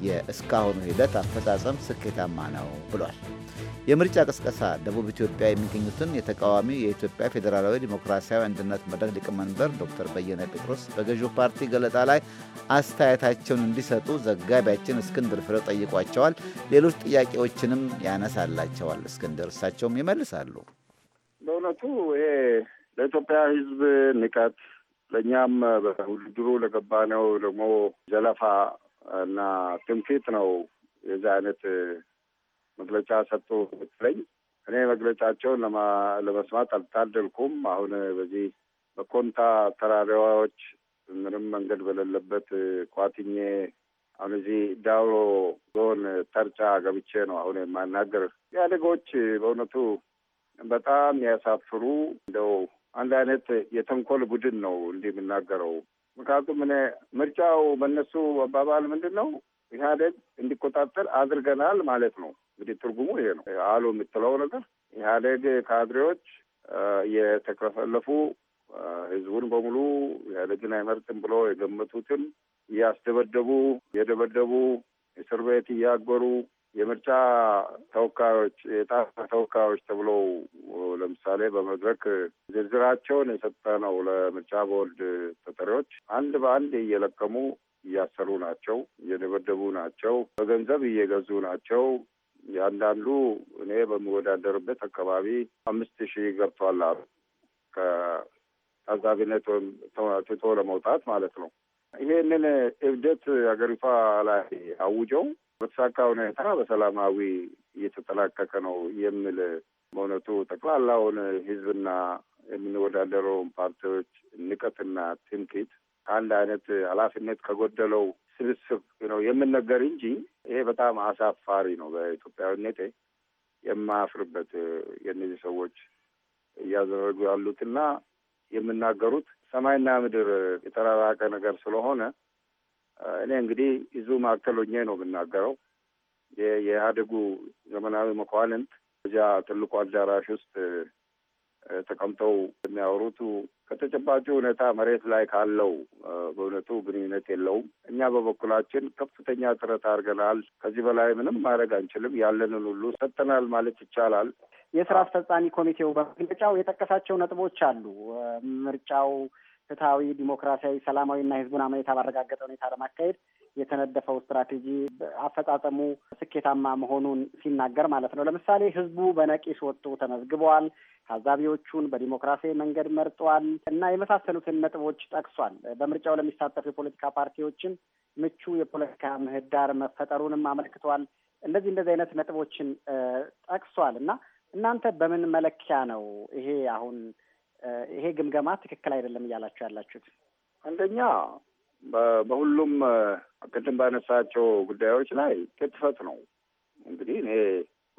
የእስካሁኑ ሂደት አፈጻጸም ስኬታማ ነው ብሏል። የምርጫ ቅስቀሳ ደቡብ ኢትዮጵያ የሚገኙትን የተቃዋሚ የኢትዮጵያ ፌዴራላዊ ዲሞክራሲያዊ አንድነት መድረክ ሊቀመንበር ዶክተር በየነ ጴጥሮስ በገዢው ፓርቲ ገለጣ ላይ አስተያየታቸውን እንዲሰጡ ዘጋቢ ባልደረባችን እስክንድር ፍሬው ጠይቋቸዋል። ሌሎች ጥያቄዎችንም ያነሳላቸዋል። እስክንድር እሳቸውም ይመልሳሉ። በእውነቱ ይሄ ለኢትዮጵያ ሕዝብ ንቀት፣ ለእኛም በውድድሩ ለገባነው ደግሞ ዘለፋ እና ትምክህት ነው። የዚህ አይነት መግለጫ ሰጡ ብትለኝ እኔ መግለጫቸውን ለመስማት አልታደልኩም። አሁን በዚህ በኮንታ ተራራዎች ምንም መንገድ በሌለበት ኳትኜ አሁን እዚህ ዳውሮ ዞን ተርጫ ገብቼ ነው አሁን የማናገር። ኢህአዴጎች በእውነቱ በጣም ያሳፍሩ እንደው አንድ አይነት የተንኮል ቡድን ነው እንዲህ የምናገረው። ምክንያቱም እኔ ምርጫው በእነሱ አባባል ምንድን ነው ኢህአዴግ እንዲቆጣጠር አድርገናል ማለት ነው። እንግዲህ ትርጉሙ ይሄ ነው አሉ የምትለው ነገር ኢህአዴግ ካድሬዎች የተከፈለፉ ህዝቡን በሙሉ ኢህአዴግን አይመርጥም ብሎ የገመቱትን እያስደበደቡ የደበደቡ እስር ቤት እያገሩ የምርጫ ተወካዮች የጣፋ ተወካዮች ተብለው ለምሳሌ በመድረክ ዝርዝራቸውን የሰጠ ነው ለምርጫ ቦርድ ተጠሪዎች አንድ በአንድ እየለቀሙ እያሰሩ ናቸው፣ እየደበደቡ ናቸው፣ በገንዘብ እየገዙ ናቸው። ያንዳንዱ እኔ በምወዳደርበት አካባቢ አምስት ሺህ ገብቷል አሉ ከታዛቢነት ወይም ትቶ ለመውጣት ማለት ነው። ይሄንን እብደት ሀገሪቷ ላይ አውጀው በተሳካ ሁኔታ በሰላማዊ እየተጠላቀቀ ነው የሚል በእውነቱ ጠቅላላውን ህዝብና የምንወዳደረውን ፓርቲዎች ንቀትና ትምክህት አንድ አይነት ኃላፊነት ከጎደለው ስብስብ ነው የምነገር እንጂ ይሄ በጣም አሳፋሪ ነው። በኢትዮጵያዊነቴ የማፍርበት የእነዚህ ሰዎች እያደረጉ ያሉትና የምናገሩት ሰማይና ምድር የተራራቀ ነገር ስለሆነ እኔ እንግዲህ ይዙ ማዕከል ሆኜ ነው የምናገረው። የኢህአዴጉ ዘመናዊ መኳንንት እዚያ ትልቁ አዳራሽ ውስጥ ተቀምጠው የሚያወሩቱ ከተጨባጭ ሁኔታ መሬት ላይ ካለው በእውነቱ ግንኙነት የለውም። እኛ በበኩላችን ከፍተኛ ጥረት አድርገናል። ከዚህ በላይ ምንም ማድረግ አንችልም። ያለንን ሁሉ ሰጥተናል ማለት ይቻላል። የስራ አስፈጻሚ ኮሚቴው በመግለጫው የጠቀሳቸው ነጥቦች አሉ። ምርጫው ፍትሐዊ፣ ዲሞክራሲያዊ፣ ሰላማዊና ህዝቡን አመኔታ ባረጋገጠ ሁኔታ ለማካሄድ የተነደፈው ስትራቴጂ አፈጻጸሙ ስኬታማ መሆኑን ሲናገር ማለት ነው። ለምሳሌ ህዝቡ በነቂስ ወጥቶ ተመዝግበዋል፣ ታዛቢዎቹን በዲሞክራሲያዊ መንገድ መርጧል እና የመሳሰሉትን ነጥቦች ጠቅሷል። በምርጫው ለሚሳተፉ የፖለቲካ ፓርቲዎችን ምቹ የፖለቲካ ምህዳር መፈጠሩንም አመልክተዋል። እንደዚህ እንደዚህ አይነት ነጥቦችን ጠቅሷል እና እናንተ በምን መለኪያ ነው ይሄ አሁን ይሄ ግምገማ ትክክል አይደለም እያላችሁ ያላችሁት? አንደኛ በሁሉም ቅድም ባነሳቸው ጉዳዮች ላይ ክትፈት ነው። እንግዲህ እኔ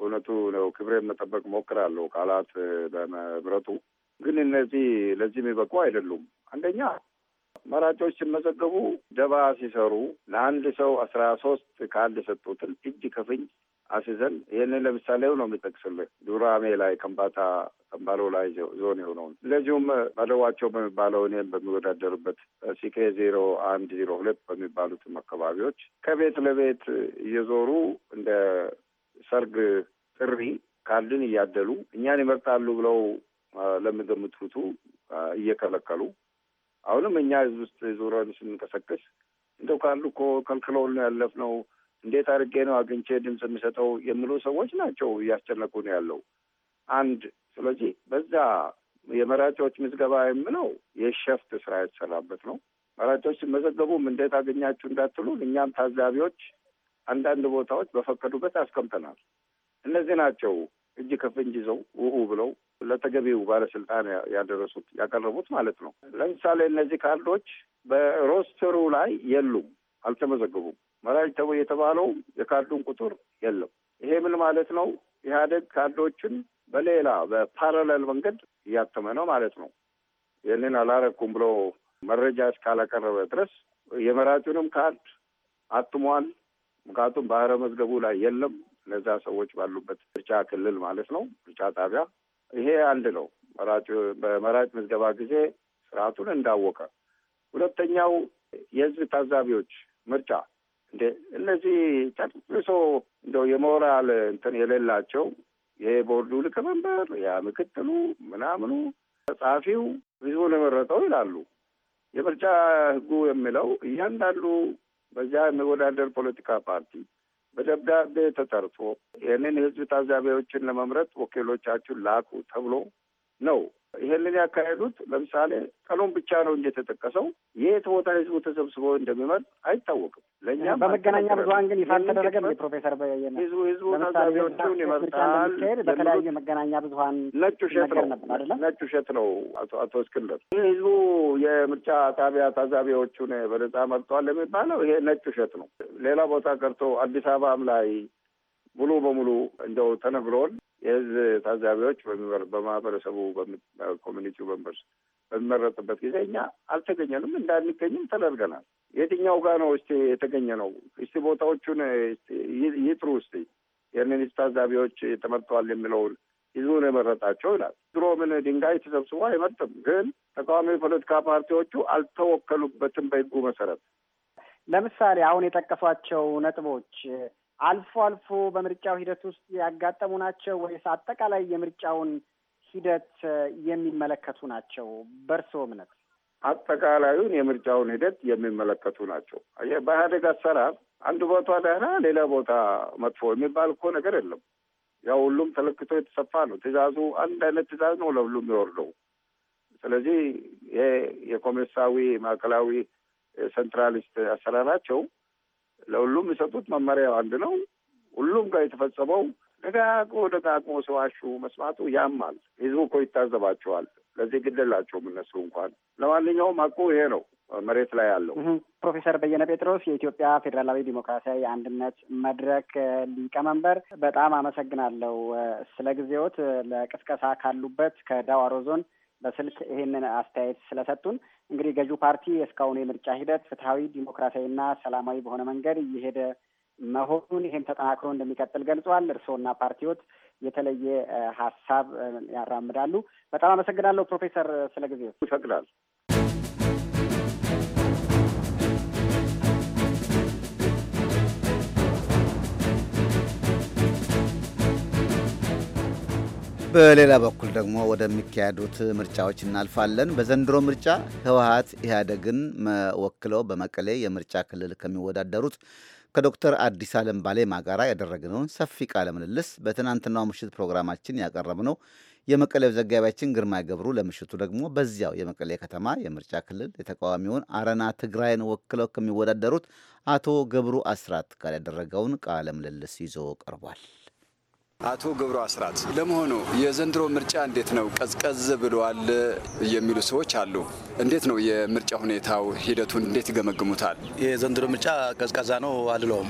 እውነቱ ነው ክብሬን መጠበቅ ሞክራለሁ ቃላት በመምረጡ ግን እነዚህ ለዚህ የሚበቁ አይደሉም። አንደኛ መራጮች ሲመዘገቡ ደባ ሲሰሩ ለአንድ ሰው አስራ ሶስት ከአንድ የሰጡትን እጅ ከፍንጅ አስይዘን ይህንን ለምሳሌው ነው የሚጠቅስልህ ዱራሜ ላይ ከምባታ ከምባሎ ላይ ዞን የሆነውን እንደዚሁም በደዋቸው በሚባለው እኔም በሚወዳደርበት ሲኬ ዜሮ አንድ ዜሮ ሁለት በሚባሉትም አካባቢዎች ከቤት ለቤት እየዞሩ እንደ ሰርግ ጥሪ ካልን እያደሉ እኛን ይመርጣሉ ብለው ለሚገምቱቱ እየከለከሉ አሁንም እኛ ህዝብ ውስጥ ዙረን ስንንቀሳቀስ እንደው ካሉ እኮ ከልክለውን ያለፍነው እንዴት አድርጌ ነው አግኝቼ ድምፅ የሚሰጠው የሚሉ ሰዎች ናቸው እያስጨነቁ ነው ያለው። አንድ ስለዚህ በዛ የመራጮች ምዝገባ የምለው የሸፍት ስራ የተሰራበት ነው። መራጮች ሲመዘገቡም እንዴት አገኛችሁ እንዳትሉ እኛም ታዛቢዎች አንዳንድ ቦታዎች በፈቀዱበት አስቀምጠናል። እነዚህ ናቸው እጅ ከፍንጅ ይዘው ውሁ ብለው ለተገቢው ባለስልጣን ያደረሱት ያቀረቡት ማለት ነው። ለምሳሌ እነዚህ ካርዶች በሮስተሩ ላይ የሉም፣ አልተመዘገቡም። መራጭ ተው የተባለው የካርዱን ቁጥር የለም። ይሄ ምን ማለት ነው? ኢህአደግ ካርዶችን በሌላ በፓራለል መንገድ እያተመ ነው ማለት ነው። ይህንን አላረኩም ብሎ መረጃ እስካላቀረበ ድረስ የመራጩንም ካርድ አትሟል። ምክንያቱም ባህረ መዝገቡ ላይ የለም፣ እነዛ ሰዎች ባሉበት ምርጫ ክልል ማለት ነው፣ ምርጫ ጣቢያ። ይሄ አንድ ነው። በመራጭ ምዝገባ ጊዜ ስርዓቱን እንዳወቀ። ሁለተኛው የህዝብ ታዛቢዎች ምርጫ እንደ እነዚህ ጨርሶ እንደው የሞራል እንትን የሌላቸው የቦርዱ ሊቀመንበር ያ ምክትሉ ምናምኑ ጸሐፊው ህዝቡን የመረጠው ይላሉ። የምርጫ ህጉ የሚለው እያንዳንዱ በዚያ የሚወዳደር ፖለቲካ ፓርቲ በደብዳቤ ተጠርቶ ይህንን የህዝብ ታዛቢዎችን ለመምረጥ ወኪሎቻችሁን ላኩ ተብሎ ነው ይህንን ያካሄዱት ለምሳሌ ቀኑን ብቻ ነው እንጂ የተጠቀሰው የት ቦታ ህዝቡ ተሰብስቦ እንደሚመርጥ አይታወቅም። ለእኛ በመገናኛ ብዙኃን ግን ይፋ ተደረገ። ፕሮፌሰር በየነ ህዝቡ ህዝቡ ታዛቢዎቹን ይመርጣል። በተለያዩ የመገናኛ ብዙኃን ነጭ ውሸት ነው ነጩ ሸት ነው። አቶ አቶ እስክንድር ይህ ህዝቡ የምርጫ ጣቢያ ታዛቢዎቹን በነጻ መርጧል የሚባለው ይሄ ነጩ ሸት ነው። ሌላ ቦታ ቀርቶ አዲስ አበባም ላይ ሙሉ በሙሉ እንደው ተነግሮን የህዝብ ታዛቢዎች በማህበረሰቡ ኮሚኒቲው መንበርስ በሚመረጥበት ጊዜ እኛ አልተገኘንም፣ እንዳንገኝም ተደርገናል። የትኛው ጋ ነው እስቲ የተገኘ ነው? እስቲ ቦታዎቹን ይጥሩ እስቲ ይህንን ታዛቢዎች ተመርተዋል የሚለውን ህዝቡን የመረጣቸው ይላል። ድሮ ምን ድንጋይ ተሰብስቦ አይመርጥም። ግን ተቃዋሚ የፖለቲካ ፓርቲዎቹ አልተወከሉበትም በህጉ መሰረት። ለምሳሌ አሁን የጠቀሷቸው ነጥቦች አልፎ አልፎ በምርጫው ሂደት ውስጥ ያጋጠሙ ናቸው ወይስ አጠቃላይ የምርጫውን ሂደት የሚመለከቱ ናቸው? በእርስዎ እምነት? አጠቃላዩን የምርጫውን ሂደት የሚመለከቱ ናቸው። በኢህአዴግ አሰራር አንድ ቦታ ደህና ሌላ ቦታ መጥፎ የሚባል እኮ ነገር የለም። ያው ሁሉም ተለክቶ የተሰፋ ነው። ትእዛዙ አንድ አይነት ትእዛዝ ነው ለሁሉም የወርደው። ስለዚህ ይሄ የኮሜሳዊ ማዕከላዊ ሴንትራሊስት አሰራራቸው ለሁሉም የሰጡት መመሪያው አንድ ነው። ሁሉም ጋር የተፈጸመው ደጋግሞ ደጋግሞ ሲዋሹ መስማቱ ያማል። ህዝቡ እኮ ይታዘባቸዋል። ለዚህ ግደላቸውም እነሱ እንኳን ለማንኛውም አቁ ይሄ ነው መሬት ላይ ያለው። ፕሮፌሰር በየነ ጴጥሮስ የኢትዮጵያ ፌዴራላዊ ዲሞክራሲያዊ አንድነት መድረክ ሊቀመንበር፣ በጣም አመሰግናለሁ ስለ ጊዜዎት። ለቅስቀሳ ካሉበት ከዳዋሮ ዞን በስልክ ይህንን አስተያየት ስለሰጡን እንግዲህ ገዢው ፓርቲ እስካሁኑ የምርጫ ሂደት ፍትሐዊ፣ ዲሞክራሲያዊና ሰላማዊ በሆነ መንገድ እየሄደ መሆኑን ይህም ተጠናክሮ እንደሚቀጥል ገልጸዋል። እርስዎና ፓርቲዎት የተለየ ሀሳብ ያራምዳሉ። በጣም አመሰግናለሁ ፕሮፌሰር ስለ ጊዜው ይፈቅዳል። በሌላ በኩል ደግሞ ወደሚካሄዱት ምርጫዎች እናልፋለን። በዘንድሮ ምርጫ ህወሀት ኢህአደግን ወክለው በመቀሌ የምርጫ ክልል ከሚወዳደሩት ከዶክተር አዲስ አለም ባሌማ ጋር ያደረግነውን ሰፊ ቃለ ምልልስ በትናንትናው ምሽት ፕሮግራማችን ያቀረብነው የመቀሌው ዘጋቢያችን ግርማ ገብሩ ለምሽቱ ደግሞ በዚያው የመቀሌ ከተማ የምርጫ ክልል የተቃዋሚውን አረና ትግራይን ወክለው ከሚወዳደሩት አቶ ገብሩ አስራት ጋር ያደረገውን ቃለ ምልልስ ይዞ ቀርቧል። አቶ ገብሩ አስራት፣ ለመሆኑ የዘንድሮ ምርጫ እንዴት ነው? ቀዝቀዝ ብለዋል የሚሉ ሰዎች አሉ። እንዴት ነው የምርጫ ሁኔታው? ሂደቱን እንዴት ይገመግሙታል? የዘንድሮ ምርጫ ቀዝቃዛ ነው አልለውም።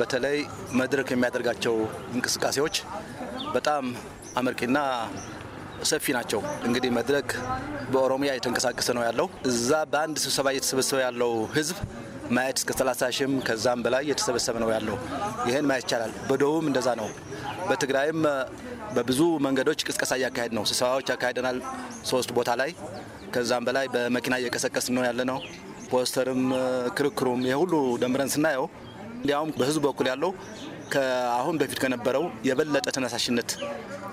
በተለይ መድረክ የሚያደርጋቸው እንቅስቃሴዎች በጣም አመርቂና ሰፊ ናቸው። እንግዲህ መድረክ በኦሮሚያ የተንቀሳቀሰ ነው ያለው። እዛ በአንድ ስብሰባ እየተሰበሰበ ያለው ህዝብ ማየት እስከ 30 ሺህም ከዛም በላይ የተሰበሰበ ነው ያለው። ይህን ማየት ይቻላል። በደቡብም እንደዛ ነው። በትግራይም በብዙ መንገዶች ቅስቀሳ እያካሄድ ነው። ስብሰባዎች ያካሄደናል ሶስት ቦታ ላይ ከዛም በላይ በመኪና እየቀሰቀስ ነው ያለ ነው። ፖስተርም ክርክሩም የሁሉ ደምረን ስናየው እንዲያውም በህዝቡ በኩል ያለው ከአሁን በፊት ከነበረው የበለጠ ተነሳሽነት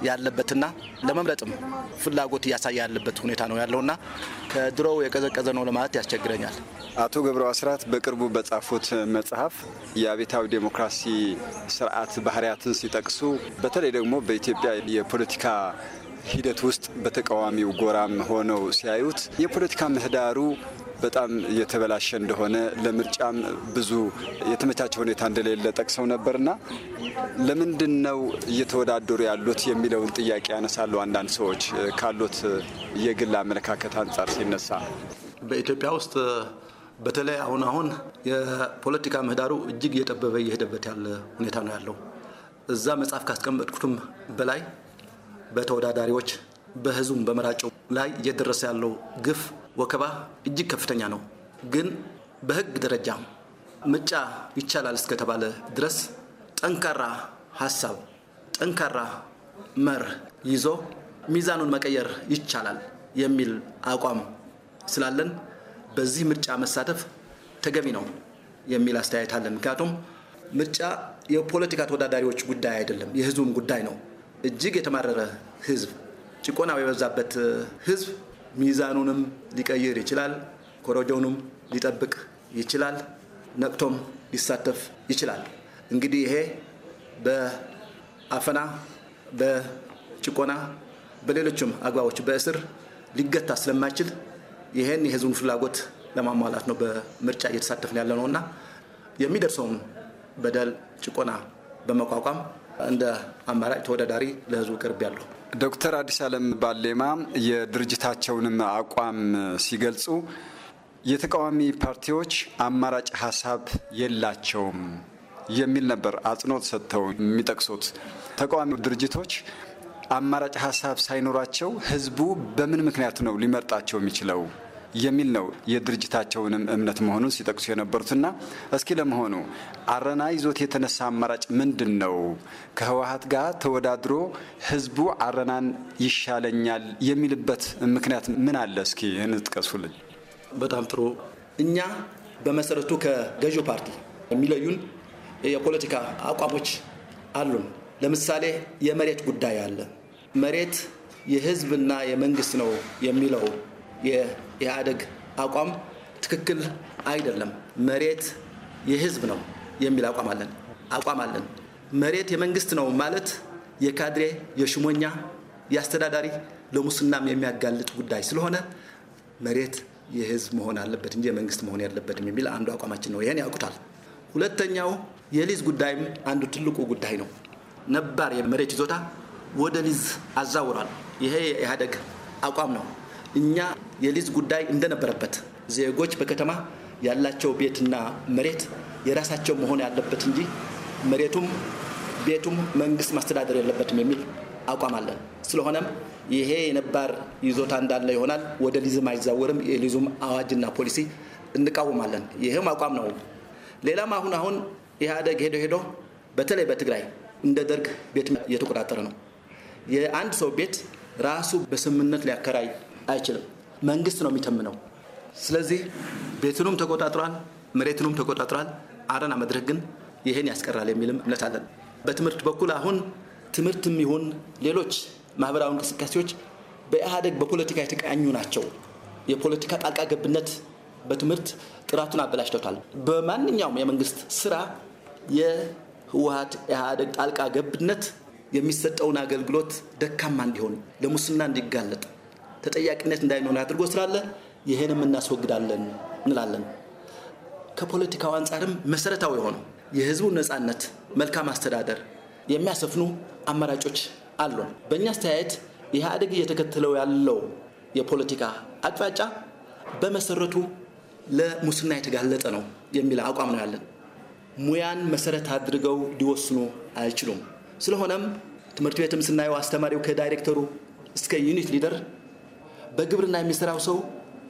ያለበትና ለመምረጥም ፍላጎት እያሳየ ያለበት ሁኔታ ነው ያለውና ከድሮው የቀዘቀዘ ነው ለማለት ያስቸግረኛል። አቶ ገብሩ አስራት በቅርቡ በጻፉት መጽሐፍ የአቤታዊ ዴሞክራሲ ስርዓት ባህርያትን ሲጠቅሱ በተለይ ደግሞ በኢትዮጵያ የፖለቲካ ሂደት ውስጥ በተቃዋሚው ጎራም ሆነው ሲያዩት የፖለቲካ ምህዳሩ በጣም እየተበላሸ እንደሆነ ለምርጫም ብዙ የተመቻቸ ሁኔታ እንደሌለ ጠቅሰው ነበርና ለምንድን ነው እየተወዳደሩ ያሉት የሚለውን ጥያቄ ያነሳሉ አንዳንድ ሰዎች ካሉት የግል አመለካከት አንጻር ሲነሳ በኢትዮጵያ ውስጥ በተለይ አሁን አሁን የፖለቲካ ምህዳሩ እጅግ እየጠበበ እየሄደበት ያለ ሁኔታ ነው ያለው። እዛ መጽሐፍ ካስቀመጥኩትም በላይ በተወዳዳሪዎች በህዝቡም በመራጨው ላይ እየደረሰ ያለው ግፍ፣ ወከባ እጅግ ከፍተኛ ነው። ግን በህግ ደረጃ ምርጫ ይቻላል እስከተባለ ድረስ ጠንካራ ሀሳብ፣ ጠንካራ መርህ ይዞ ሚዛኑን መቀየር ይቻላል የሚል አቋም ስላለን በዚህ ምርጫ መሳተፍ ተገቢ ነው የሚል አስተያየት አለን። ምክንያቱም ምርጫ የፖለቲካ ተወዳዳሪዎች ጉዳይ አይደለም፣ የህዝቡም ጉዳይ ነው። እጅግ የተማረረ ህዝብ ጭቆናው የበዛበት ህዝብ ሚዛኑንም ሊቀይር ይችላል። ኮረጆውንም ሊጠብቅ ይችላል። ነቅቶም ሊሳተፍ ይችላል። እንግዲህ ይሄ በአፈና በጭቆና በሌሎችም አግባቦች በእስር ሊገታ ስለማይችል ይሄን የህዝቡን ፍላጎት ለማሟላት ነው በምርጫ እየተሳተፍን ያለ ነው እና የሚደርሰውን በደል ጭቆና በመቋቋም እንደ አማራጭ ተወዳዳሪ ለህዝቡ ቅርብ ያለው። ዶክተር አዲስ አለም ባሌማ የድርጅታቸውንም አቋም ሲገልጹ የተቃዋሚ ፓርቲዎች አማራጭ ሀሳብ የላቸውም የሚል ነበር አጽንኦት ሰጥተው የሚጠቅሱት። ተቃዋሚ ድርጅቶች አማራጭ ሀሳብ ሳይኖራቸው ህዝቡ በምን ምክንያት ነው ሊመርጣቸው የሚችለው? የሚል ነው የድርጅታቸውንም እምነት መሆኑን ሲጠቅሱ የነበሩትና እስኪ ለመሆኑ አረና ይዞት የተነሳ አማራጭ ምንድን ነው? ከህወሀት ጋር ተወዳድሮ ህዝቡ አረናን ይሻለኛል የሚልበት ምክንያት ምን አለ? እስኪ እንጥቀሱልኝ። በጣም ጥሩ። እኛ በመሰረቱ ከገዢው ፓርቲ የሚለዩን የፖለቲካ አቋሞች አሉን። ለምሳሌ የመሬት ጉዳይ አለ። መሬት የህዝብና የመንግስት ነው የሚለው የኢህአደግ አቋም ትክክል አይደለም። መሬት የህዝብ ነው የሚል አቋም አለን አቋም አለን። መሬት የመንግስት ነው ማለት የካድሬ የሽሞኛ የአስተዳዳሪ ለሙስናም የሚያጋልጥ ጉዳይ ስለሆነ መሬት የህዝብ መሆን አለበት እንጂ የመንግስት መሆን ያለበትም የሚል አንዱ አቋማችን ነው። ይህን ያውቁታል። ሁለተኛው የሊዝ ጉዳይም አንዱ ትልቁ ጉዳይ ነው። ነባር የመሬት ይዞታ ወደ ሊዝ አዛውሯል። ይሄ የኢህአደግ አቋም ነው። እኛ የሊዝ ጉዳይ እንደነበረበት ዜጎች በከተማ ያላቸው ቤትና መሬት የራሳቸው መሆን ያለበት እንጂ መሬቱም ቤቱም መንግስት ማስተዳደር የለበትም የሚል አቋም አለን። ስለሆነም ይሄ የነባር ይዞታ እንዳለ ይሆናል፣ ወደ ሊዝም አይዛወርም። የሊዙም አዋጅና ፖሊሲ እንቃወማለን። ይህም አቋም ነው። ሌላም አሁን አሁን ኢህአደግ ሄዶ ሄዶ በተለይ በትግራይ እንደ ደርግ ቤት እየተቆጣጠረ ነው። የአንድ ሰው ቤት ራሱ በስምምነት ሊያከራይ አይችልም። መንግስት ነው የሚተምነው። ስለዚህ ቤቱንም ተቆጣጥሯል፣ መሬቱንም ተቆጣጥሯል። አረና መድረክ ግን ይህን ያስቀራል የሚልም እምነት አለን። በትምህርት በኩል አሁን ትምህርት የሚሆን ሌሎች ማህበራዊ እንቅስቃሴዎች በኢህአደግ በፖለቲካ የተቃኙ ናቸው። የፖለቲካ ጣልቃ ገብነት በትምህርት ጥራቱን አበላሽተውታል። በማንኛውም የመንግስት ስራ የህወሀት ኢህአደግ ጣልቃ ገብነት የሚሰጠውን አገልግሎት ደካማ እንዲሆን፣ ለሙስና እንዲጋለጥ ተጠያቂነት እንዳይኖር አድርጎ ስላለ ይህንም እናስወግዳለን እንላለን። ከፖለቲካው አንጻርም መሰረታዊ የሆነው የህዝቡን ነፃነት፣ መልካም አስተዳደር የሚያሰፍኑ አማራጮች አሉ። በእኛ አስተያየት ኢህአዴግ እየተከተለው ያለው የፖለቲካ አቅጣጫ በመሰረቱ ለሙስና የተጋለጠ ነው የሚል አቋም ነው ያለን። ሙያን መሰረት አድርገው ሊወስኑ አይችሉም። ስለሆነም ትምህርት ቤትም ስናየው አስተማሪው ከዳይሬክተሩ እስከ ዩኒት ሊደር በግብርና የሚሰራው ሰው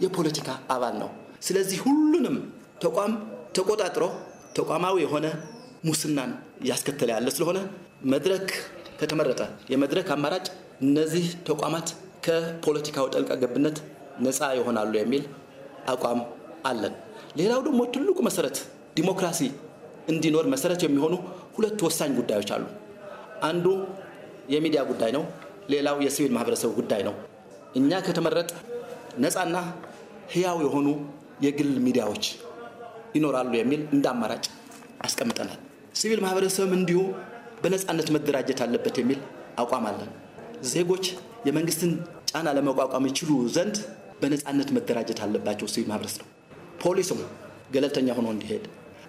የፖለቲካ አባል ነው። ስለዚህ ሁሉንም ተቋም ተቆጣጥሮ ተቋማዊ የሆነ ሙስናን እያስከተለ ያለ ስለሆነ መድረክ ከተመረጠ የመድረክ አማራጭ እነዚህ ተቋማት ከፖለቲካው ጠልቃ ገብነት ነፃ ይሆናሉ የሚል አቋም አለን። ሌላው ደግሞ ትልቁ መሰረት ዲሞክራሲ እንዲኖር መሰረት የሚሆኑ ሁለት ወሳኝ ጉዳዮች አሉ። አንዱ የሚዲያ ጉዳይ ነው። ሌላው የሲቪል ማህበረሰብ ጉዳይ ነው። እኛ ከተመረጥ ነፃና ህያው የሆኑ የግል ሚዲያዎች ይኖራሉ የሚል እንደ አማራጭ አስቀምጠናል። ሲቪል ማህበረሰብም እንዲሁ በነፃነት መደራጀት አለበት የሚል አቋም አለን። ዜጎች የመንግስትን ጫና ለመቋቋም ይችሉ ዘንድ በነፃነት መደራጀት አለባቸው ሲቪል ማህበረሰብ ነው። ፖሊስም ገለልተኛ ሆኖ እንዲሄድ፣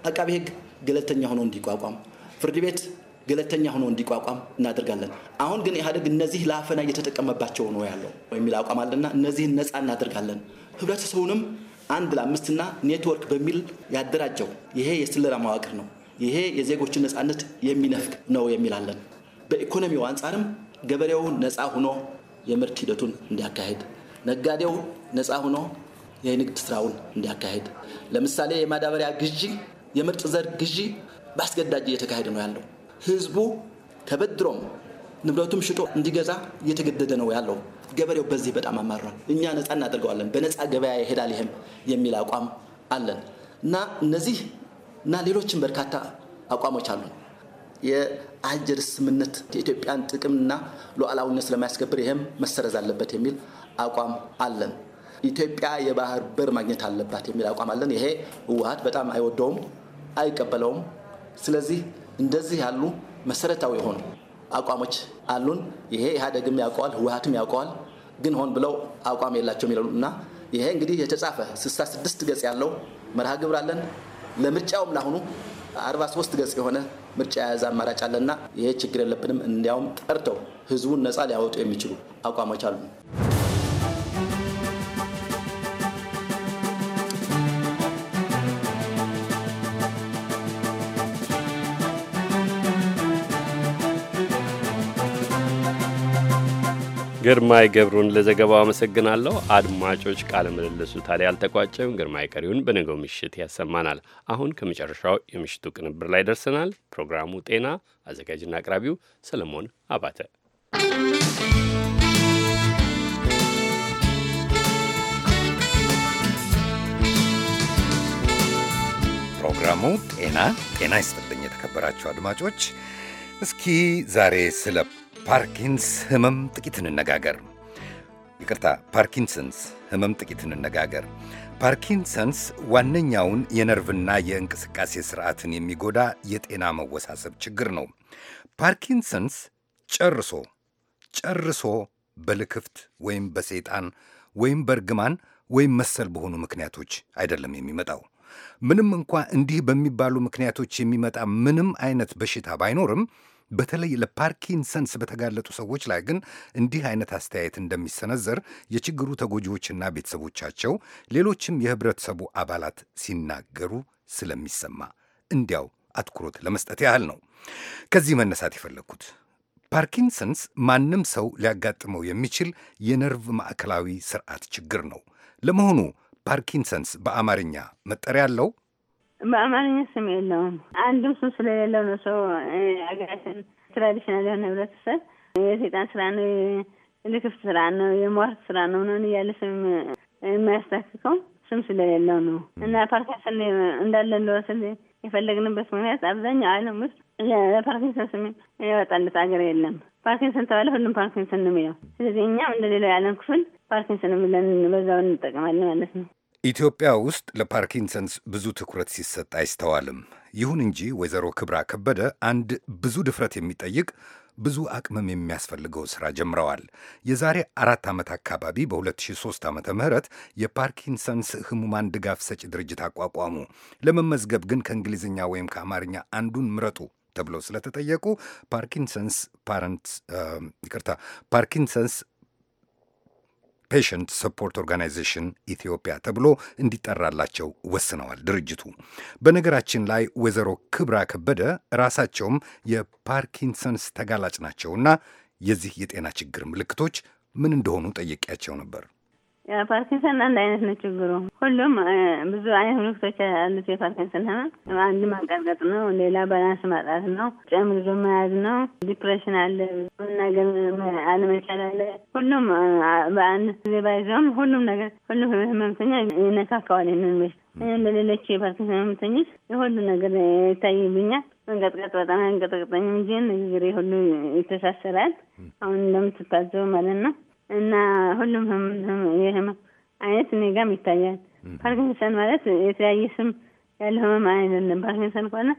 አቃቤ ህግ ገለልተኛ ሆኖ እንዲቋቋም፣ ፍርድ ቤት ገለልተኛ ሆኖ እንዲቋቋም እናደርጋለን። አሁን ግን ኢህአዴግ እነዚህ ለአፈና እየተጠቀመባቸው ነው ያለው የሚል አቋም አለና እነዚህን ነፃ እናደርጋለን። ህብረተሰቡንም አንድ ለአምስትና ኔትወርክ በሚል ያደራጀው ይሄ የስለላ መዋቅር ነው። ይሄ የዜጎችን ነፃነት የሚነፍቅ ነው የሚላለን። በኢኮኖሚው አንጻርም ገበሬው ነፃ ሆኖ የምርት ሂደቱን እንዲያካሄድ፣ ነጋዴው ነፃ ሆኖ የንግድ ስራውን እንዲያካሄድ፣ ለምሳሌ የማዳበሪያ ግዢ፣ የምርጥ ዘር ግዢ በአስገዳጅ እየተካሄደ ነው ያለው። ህዝቡ ተበድሮም ንብረቱም ሽጦ እንዲገዛ እየተገደደ ነው ያለው። ገበሬው በዚህ በጣም አማሯል። እኛ ነፃ እናደርገዋለን፣ በነፃ ገበያ ይሄዳል ይህም የሚል አቋም አለን እና እነዚህ እና ሌሎችም በርካታ አቋሞች አሉ። የአጀር ስምምነት የኢትዮጵያን ጥቅምና ሉዓላዊነት ስለማያስከብር ይህም መሰረዝ አለበት የሚል አቋም አለን። ኢትዮጵያ የባህር በር ማግኘት አለባት የሚል አቋም አለን። ይሄ ህወሀት በጣም አይወደውም፣ አይቀበለውም። ስለዚህ እንደዚህ ያሉ መሰረታዊ የሆኑ አቋሞች አሉን። ይሄ ኢህአዴግም ያውቀዋል፣ ህወሀትም ያውቀዋል። ግን ሆን ብለው አቋም የላቸውም ይላሉ እና ይሄ እንግዲህ የተጻፈ 66 ገጽ ያለው መርሃ ግብር አለን። ለምርጫውም ለአሁኑ 43 ገጽ የሆነ ምርጫ የያዘ አማራጭ አለና ይሄ ችግር የለብንም። እንዲያውም ጠርተው ህዝቡን ነፃ ሊያወጡ የሚችሉ አቋሞች አሉ። ግርማይ ገብሩን ለዘገባው አመሰግናለሁ። አድማጮች ቃለ ምልልሱ ታዲያ አልተቋጨም። ግርማይ ቀሪውን በነገው ምሽት ያሰማናል። አሁን ከመጨረሻው የምሽቱ ቅንብር ላይ ደርሰናል። ፕሮግራሙ ጤና፣ አዘጋጅና አቅራቢው ሰለሞን አባተ። ፕሮግራሙ ጤና ጤና ይስጥልኝ የተከበራቸው አድማጮች እስኪ ዛሬ ስለ ፓርኪንስ ህመም ጥቂት እንነጋገር። ይቅርታ፣ ፓርኪንሰንስ ህመም ጥቂት እንነጋገር። ፓርኪንሰንስ ዋነኛውን የነርቭና የእንቅስቃሴ ስርዓትን የሚጎዳ የጤና መወሳሰብ ችግር ነው። ፓርኪንሰንስ ጨርሶ ጨርሶ በልክፍት ወይም በሰይጣን ወይም በእርግማን ወይም መሰል በሆኑ ምክንያቶች አይደለም የሚመጣው። ምንም እንኳ እንዲህ በሚባሉ ምክንያቶች የሚመጣ ምንም አይነት በሽታ ባይኖርም በተለይ ለፓርኪንሰንስ በተጋለጡ ሰዎች ላይ ግን እንዲህ አይነት አስተያየት እንደሚሰነዘር የችግሩ ተጎጂዎችና ቤተሰቦቻቸው፣ ሌሎችም የህብረተሰቡ አባላት ሲናገሩ ስለሚሰማ እንዲያው አትኩሮት ለመስጠት ያህል ነው ከዚህ መነሳት የፈለግኩት። ፓርኪንሰንስ ማንም ሰው ሊያጋጥመው የሚችል የነርቭ ማዕከላዊ ስርዓት ችግር ነው። ለመሆኑ ፓርኪንሰንስ በአማርኛ መጠሪያ አለው? በአማርኛ ስም የለውም። አንድም ስም ስለሌለው ነው ሰው አገራችን ትራዲሽናል የሆነ ህብረተሰብ የሴጣን ስራ ነው፣ ልክፍት ስራ ነው፣ የሟርት ስራ ነው ምናምን እያለ ስም የማያስታክከው ስም ስለሌለው ነው እና ፓርኪንሰን እንዳለ እንደወስል የፈለግንበት ምክንያት አብዛኛው ዓለም ውስጥ ለፓርኪንሰን ስም ያወጣለት ሀገር የለም። ፓርኪንሰን ተባለ ሁሉም ፓርኪንሰን ነው የሚለው። ስለዚህ እኛም እንደሌላው የዓለም ክፍል ፓርኪንሰን ብለን በዛው እንጠቀማለን ማለት ነው። ኢትዮጵያ ውስጥ ለፓርኪንሰንስ ብዙ ትኩረት ሲሰጥ አይስተዋልም። ይሁን እንጂ ወይዘሮ ክብራ ከበደ አንድ ብዙ ድፍረት የሚጠይቅ ብዙ አቅምም የሚያስፈልገው ሥራ ጀምረዋል። የዛሬ አራት ዓመት አካባቢ በ2003 ዓ ም የፓርኪንሰንስ ህሙማን ድጋፍ ሰጪ ድርጅት አቋቋሙ። ለመመዝገብ ግን ከእንግሊዝኛ ወይም ከአማርኛ አንዱን ምረጡ ተብለው ስለተጠየቁ ፓርኪንሰንስ ፓረንትስ ይቅርታ ፓርኪንሰንስ ፔሸንት ሰፖርት ኦርጋናይዜሽን ኢትዮጵያ ተብሎ እንዲጠራላቸው ወስነዋል። ድርጅቱ በነገራችን ላይ ወይዘሮ ክብራ ከበደ ራሳቸውም የፓርኪንሰንስ ተጋላጭ ናቸውና የዚህ የጤና ችግር ምልክቶች ምን እንደሆኑ ጠየቂያቸው ነበር። የፓርኪንሰን አንድ አይነት ነው ችግሩ። ሁሉም ብዙ አይነት ምልክቶች አሉት። የፓርኪንሰን ህመም አንድ ማንቀጥቀጥ ነው፣ ሌላ ባላንስ ማጣት ነው፣ ጨምዞ መያዝ ነው፣ ዲፕሬሽን አለ፣ ነገር አለመቻል አለ። ሁሉም በአንድ ጊዜ ባይዘውም ሁሉም ነገር ሁሉም ህመምተኛ ይነካከዋል። ይንን በሽ እንደሌሎች የፓርኪንሰን ህመምተኞች የሁሉ ነገር ይታይብኛል። መንቀጥቀጥ በጣም አንቀጠቅጠኝም እንጂ ንግግሬ ሁሉ ይተሳሰራል። አሁን እንደምትታዘበው ማለት ነው እና ሁሉም የህመም አይነት እኔ ጋም ይታያል። ፓርኪንሰን ማለት የተለያየ ስም ያለው ህመም አይደለም። ፓርኪንሰን ከሆነ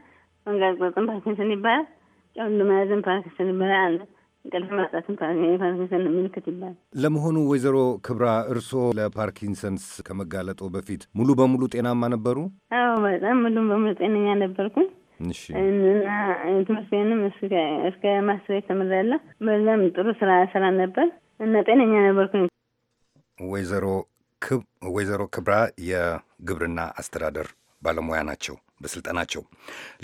መንቀጥቀጥም ፓርኪንሰን ይባላል። ጨውል መያዝም ፓርኪንሰን ይባላል እንቅልፍ ማጣትም ፓርኪንሰን ምልክት ይባላል። ለመሆኑ ወይዘሮ ክብራ እርስዎ ለፓርኪንሰንስ ከመጋለጦ በፊት ሙሉ በሙሉ ጤናማ ነበሩ? አዎ በጣም ሙሉ በሙሉ ጤነኛ ነበርኩኝ። እና ትምህርት ቤንም እስከ ማስተር ተምሬያለሁ። በዛም ጥሩ ስራ ስራ ነበር እና ጤነኛ ነበርኩኝ። ወይዘሮ ክብራ የግብርና አስተዳደር ባለሙያ ናቸው። በስልጠናቸው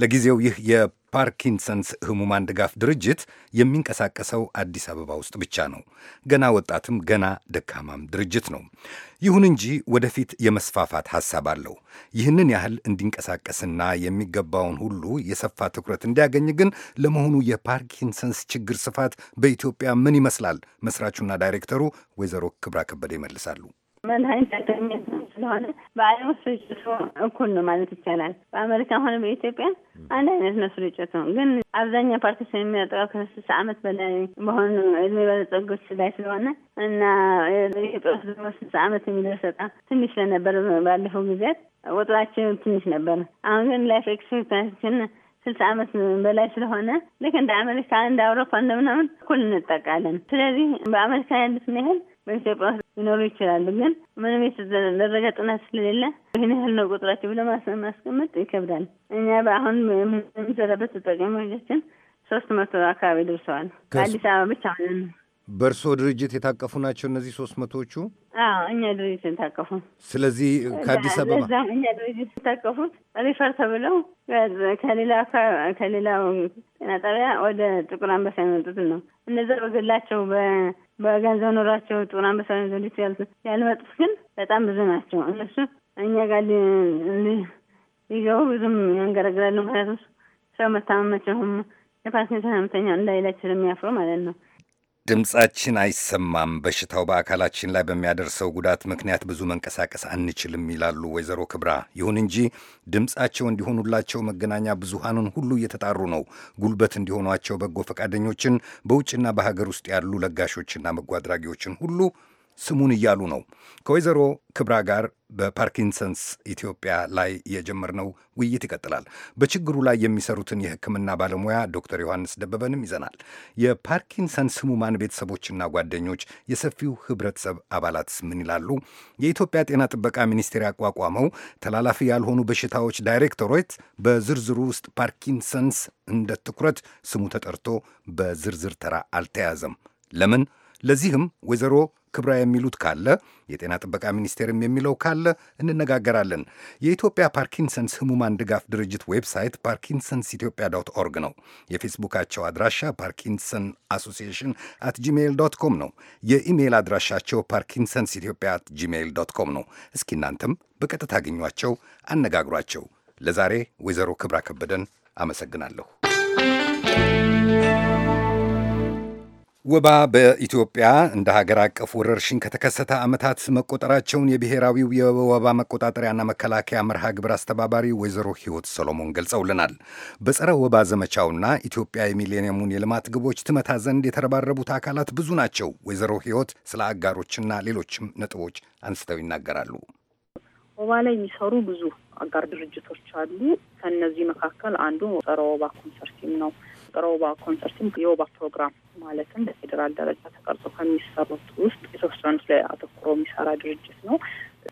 ለጊዜው ይህ የፓርኪንሰንስ ህሙማን ድጋፍ ድርጅት የሚንቀሳቀሰው አዲስ አበባ ውስጥ ብቻ ነው። ገና ወጣትም ገና ደካማም ድርጅት ነው። ይሁን እንጂ ወደፊት የመስፋፋት ሐሳብ አለው። ይህንን ያህል እንዲንቀሳቀስና የሚገባውን ሁሉ የሰፋ ትኩረት እንዲያገኝ ግን ለመሆኑ የፓርኪንሰንስ ችግር ስፋት በኢትዮጵያ ምን ይመስላል? መስራቹና ዳይሬክተሩ ወይዘሮ ክብራ ከበደ ይመልሳሉ። ምን አይነት ስለሆነ በዓለም ውስጥ ስርጭቱ እኩል ነው ማለት ይቻላል። በአሜሪካ ሆነ በኢትዮጵያ አንድ አይነት ነው ስርጭቱ። ግን አብዛኛው ፓርቲ የሚያጠቃው ከስልሳ ዓመት በላይ በሆኑ እድሜ በለጸጎች ላይ ስለሆነ እና ኢትዮጵያ ውስጥ ደግሞ ስልሳ ዓመት የሚደርስ በጣም ትንሽ ስለነበር ባለፈው ጊዜያት ቁጥራቸው ትንሽ ነበር። አሁን ግን ላይፍ ኤክስፔክታችን ስልሳ ዓመት በላይ ስለሆነ ልክ እንደ አሜሪካ እንደ አውሮፓ እንደምናምን እኩል እንጠቃለን። ስለዚህ በአሜሪካ ያሉትን ያህል በኢትዮጵያ ውስጥ ሊኖሩ ይችላሉ። ግን ምንም የተደረገ ጥናት ስለሌለ ይህን ያህል ነው ቁጥራቸው ብለ ማስቀመጥ ይከብዳል። እኛ በአሁን የምንሰራበት ተጠቃሚዎቻችን ሶስት መቶ አካባቢ ደርሰዋል። አዲስ አበባ ብቻ ነው። በእርስዎ ድርጅት የታቀፉ ናቸው እነዚህ ሶስት መቶዎቹ? አዎ እኛ ድርጅት የታቀፉ። ስለዚህ ከአዲስ አበባ እኛ ድርጅት የታቀፉት ሪፈር ተብለው ከሌላ ከሌላው ጤና ጣቢያ ወደ ጥቁር አንበሳ የመጡትን ነው። እነዛ በግላቸው በገንዘብ ኖሯቸው ጥቁር አንበሳ ዘንዶች ያልመጡት ግን በጣም ብዙ ናቸው። እነሱ እኛ ጋር ሊገቡ ብዙም ያንገረግራሉ። ምክንያቱም ሰው መታመመቸውም የፓርኪንሰን ህመምተኛ እንዳይላቸው የሚያፍሩ ማለት ነው። ድምፃችን አይሰማም፣ በሽታው በአካላችን ላይ በሚያደርሰው ጉዳት ምክንያት ብዙ መንቀሳቀስ አንችልም ይላሉ ወይዘሮ ክብራ። ይሁን እንጂ ድምፃቸው እንዲሆኑላቸው መገናኛ ብዙሃኑን ሁሉ እየተጣሩ ነው። ጉልበት እንዲሆኗቸው በጎ ፈቃደኞችን፣ በውጭና በሀገር ውስጥ ያሉ ለጋሾችና መጓድራጊዎችን ሁሉ ስሙን እያሉ ነው። ከወይዘሮ ክብራ ጋር በፓርኪንሰንስ ኢትዮጵያ ላይ የጀመርነው ውይይት ይቀጥላል። በችግሩ ላይ የሚሰሩትን የሕክምና ባለሙያ ዶክተር ዮሐንስ ደበበንም ይዘናል። የፓርኪንሰንስ ሕሙማን ቤተሰቦችና ጓደኞች፣ የሰፊው ህብረተሰብ አባላትስ ምን ይላሉ? የኢትዮጵያ ጤና ጥበቃ ሚኒስቴር ያቋቋመው ተላላፊ ያልሆኑ በሽታዎች ዳይሬክቶሬት በዝርዝሩ ውስጥ ፓርኪንሰንስ እንደ ትኩረት ስሙ ተጠርቶ በዝርዝር ተራ አልተያዘም። ለምን? ለዚህም ወይዘሮ ክብራ የሚሉት ካለ የጤና ጥበቃ ሚኒስቴርም የሚለው ካለ እንነጋገራለን። የኢትዮጵያ ፓርኪንሰንስ ህሙማን ድጋፍ ድርጅት ዌብሳይት ፓርኪንሰንስ ኢትዮጵያ ዶት ኦርግ ነው። የፌስቡካቸው አድራሻ ፓርኪንሰን አሶሲሽን አት ጂሜይል ዶት ኮም ነው። የኢሜይል አድራሻቸው ፓርኪንሰንስ ኢትዮጵያ አት ጂሜይል ዶት ኮም ነው። እስኪ እናንተም በቀጥታ አገኟቸው፣ አነጋግሯቸው። ለዛሬ ወይዘሮ ክብራ ከበደን አመሰግናለሁ። ወባ በኢትዮጵያ እንደ ሀገር አቀፍ ወረርሽኝ ከተከሰተ ዓመታት መቆጠራቸውን የብሔራዊው የወባ መቆጣጠሪያና መከላከያ መርሃ ግብር አስተባባሪ ወይዘሮ ሕይወት ሰሎሞን ገልጸውልናል። በጸረ ወባ ዘመቻውና ኢትዮጵያ የሚሌኒየሙን የልማት ግቦች ትመታ ዘንድ የተረባረቡት አካላት ብዙ ናቸው። ወይዘሮ ሕይወት ስለ አጋሮችና ሌሎችም ነጥቦች አንስተው ይናገራሉ። ወባ ላይ የሚሰሩ ብዙ አጋር ድርጅቶች አሉ። ከእነዚህ መካከል አንዱ ጸረ ወባ ኮንሰርቲም ነው። ጸረ ወባ የወባ ፕሮግራም ማለትም በፌዴራል ደረጃ ተቀርጾ ከሚሰሩት ውስጥ የተወሰኑት ላይ አተኩሮ የሚሰራ ድርጅት ነው።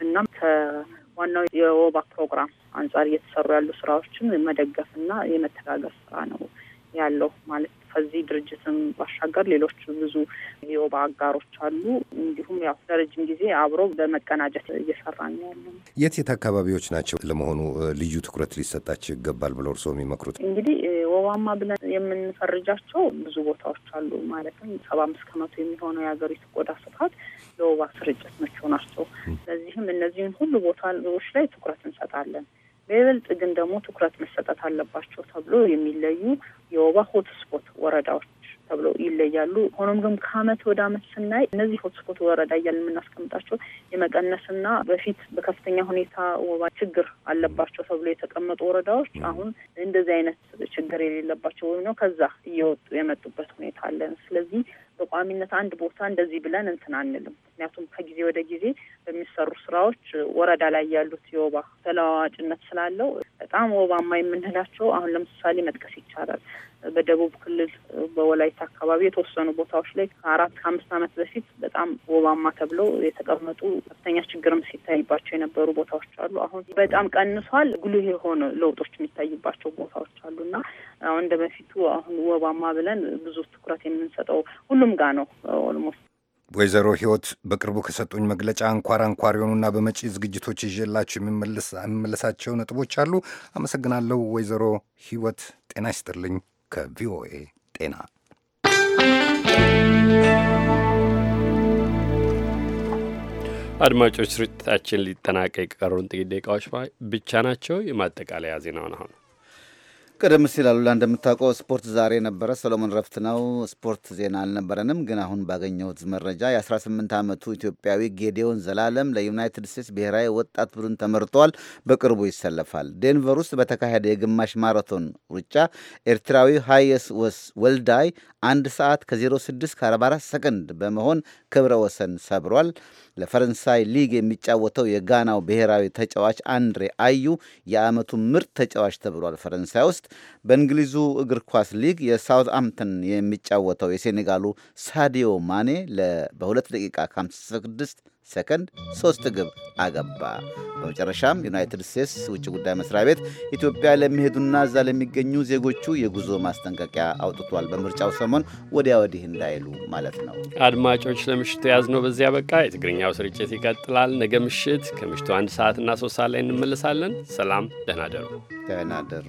እናም ከዋናው የወባ ፕሮግራም አንጻር እየተሰሩ ያሉ ስራዎችን መደገፍና የመተጋገዝ ስራ ነው ያለው ማለት ከዚህ ድርጅትም ባሻገር ሌሎች ብዙ የወባ አጋሮች አሉ። እንዲሁም ያው ለረጅም ጊዜ አብሮ በመቀናጀት እየሰራ ነው ያለ። የት የት አካባቢዎች ናቸው ለመሆኑ ልዩ ትኩረት ሊሰጣቸው ይገባል ብለው እርስዎ የሚመክሩት? እንግዲህ ወባማ ብለን የምንፈርጃቸው ብዙ ቦታዎች አሉ። ማለትም ሰባ አምስት ከመቶ የሚሆነው የሀገሪቱ ቆዳ ስፋት ለወባ ስርጭት ምቹ ናቸው። ስለዚህም እነዚህን ሁሉ ቦታዎች ላይ ትኩረት እንሰጣለን። በይበልጥ ግን ደግሞ ትኩረት መሰጠት አለባቸው ተብሎ የሚለዩ የወባ ሆትስፖት ወረዳዎች ተብሎ ይለያሉ። ሆኖም ግን ከአመት ወደ አመት ስናይ እነዚህ ሆትስፖት ወረዳ እያል የምናስቀምጣቸው የመቀነስና በፊት በከፍተኛ ሁኔታ ወባ ችግር አለባቸው ተብሎ የተቀመጡ ወረዳዎች አሁን እንደዚህ አይነት ችግር የሌለባቸው ወይም ከዛ እየወጡ የመጡበት ሁኔታ አለን። ስለዚህ በቋሚነት አንድ ቦታ እንደዚህ ብለን እንትን አንልም። ምክንያቱም ከጊዜ ወደ ጊዜ በሚሰሩ ስራዎች ወረዳ ላይ ያሉት የወባ ተለዋዋጭነት ስላለው በጣም ወባማ የምንላቸው አሁን ለምሳሌ መጥቀስ ይቻላል። በደቡብ ክልል በወላይታ አካባቢ የተወሰኑ ቦታዎች ላይ ከአራት ከአምስት ዓመት በፊት በጣም ወባማ ተብለው የተቀመጡ ከፍተኛ ችግርም ሲታይባቸው የነበሩ ቦታዎች አሉ። አሁን በጣም ቀንሷል። ጉልህ የሆነ ለውጦች የሚታይባቸው ቦታዎች አሉና አሁን እንደ በፊቱ አሁን ወባማ ብለን ብዙ ትኩረት የምንሰጠው ሁሉም ጋር ነው ኦልሞስት። ወይዘሮ ህይወት በቅርቡ ከሰጡኝ መግለጫ አንኳር አንኳር የሆኑና በመጪ ዝግጅቶች ይዤላችሁ የሚመለሳቸው ነጥቦች አሉ። አመሰግናለሁ ወይዘሮ ህይወት ጤና ይስጥልኝ። ከቪኦኤ ጤና አድማጮች፣ ስርጭታችን ሊጠናቀቅ የቀሩን ጥቂት ደቂቃዎች ብቻ ናቸው። የማጠቃለያ ዜናውን አሁን ቀደም ሲል አሉላ እንደምታውቀው ስፖርት ዛሬ ነበረ። ሰሎሞን ረፍት ነው። ስፖርት ዜና አልነበረንም፣ ግን አሁን ባገኘሁት መረጃ የ18 ዓመቱ ኢትዮጵያዊ ጌዲዮን ዘላለም ለዩናይትድ ስቴትስ ብሔራዊ ወጣት ቡድን ተመርጧል። በቅርቡ ይሰለፋል። ዴንቨር ውስጥ በተካሄደ የግማሽ ማራቶን ሩጫ ኤርትራዊ ሃየስ ወልዳይ አንድ ሰዓት ከ06 ከ44 ሰከንድ በመሆን ክብረ ወሰን ሰብሯል። ለፈረንሳይ ሊግ የሚጫወተው የጋናው ብሔራዊ ተጫዋች አንድሬ አዩ የዓመቱ ምርጥ ተጫዋች ተብሏል። ፈረንሳይ ውስጥ በእንግሊዙ እግር ኳስ ሊግ የሳውት አምፕተን የሚጫወተው የሴኔጋሉ ሳዲዮ ማኔ በ2 ከ 56 ሰከንድ ሶስት ግብ አገባ። በመጨረሻም ዩናይትድ ስቴትስ ውጭ ጉዳይ መስሪያ ቤት ኢትዮጵያ ለሚሄዱና እዛ ለሚገኙ ዜጎቹ የጉዞ ማስጠንቀቂያ አውጥቷል። በምርጫው ሰሞን ወዲያ ወዲህ እንዳይሉ ማለት ነው። አድማጮች፣ ለምሽቱ ነው በዚያ በቃ። የትግርኛው ስርጭት ይቀጥላል። ነገ ምሽት ከምሽቱ አንድ ሰዓትና ሶስት ሰዓት ላይ እንመለሳለን። ሰላም፣ ደህና ደሩ፣ ደህና ደሩ።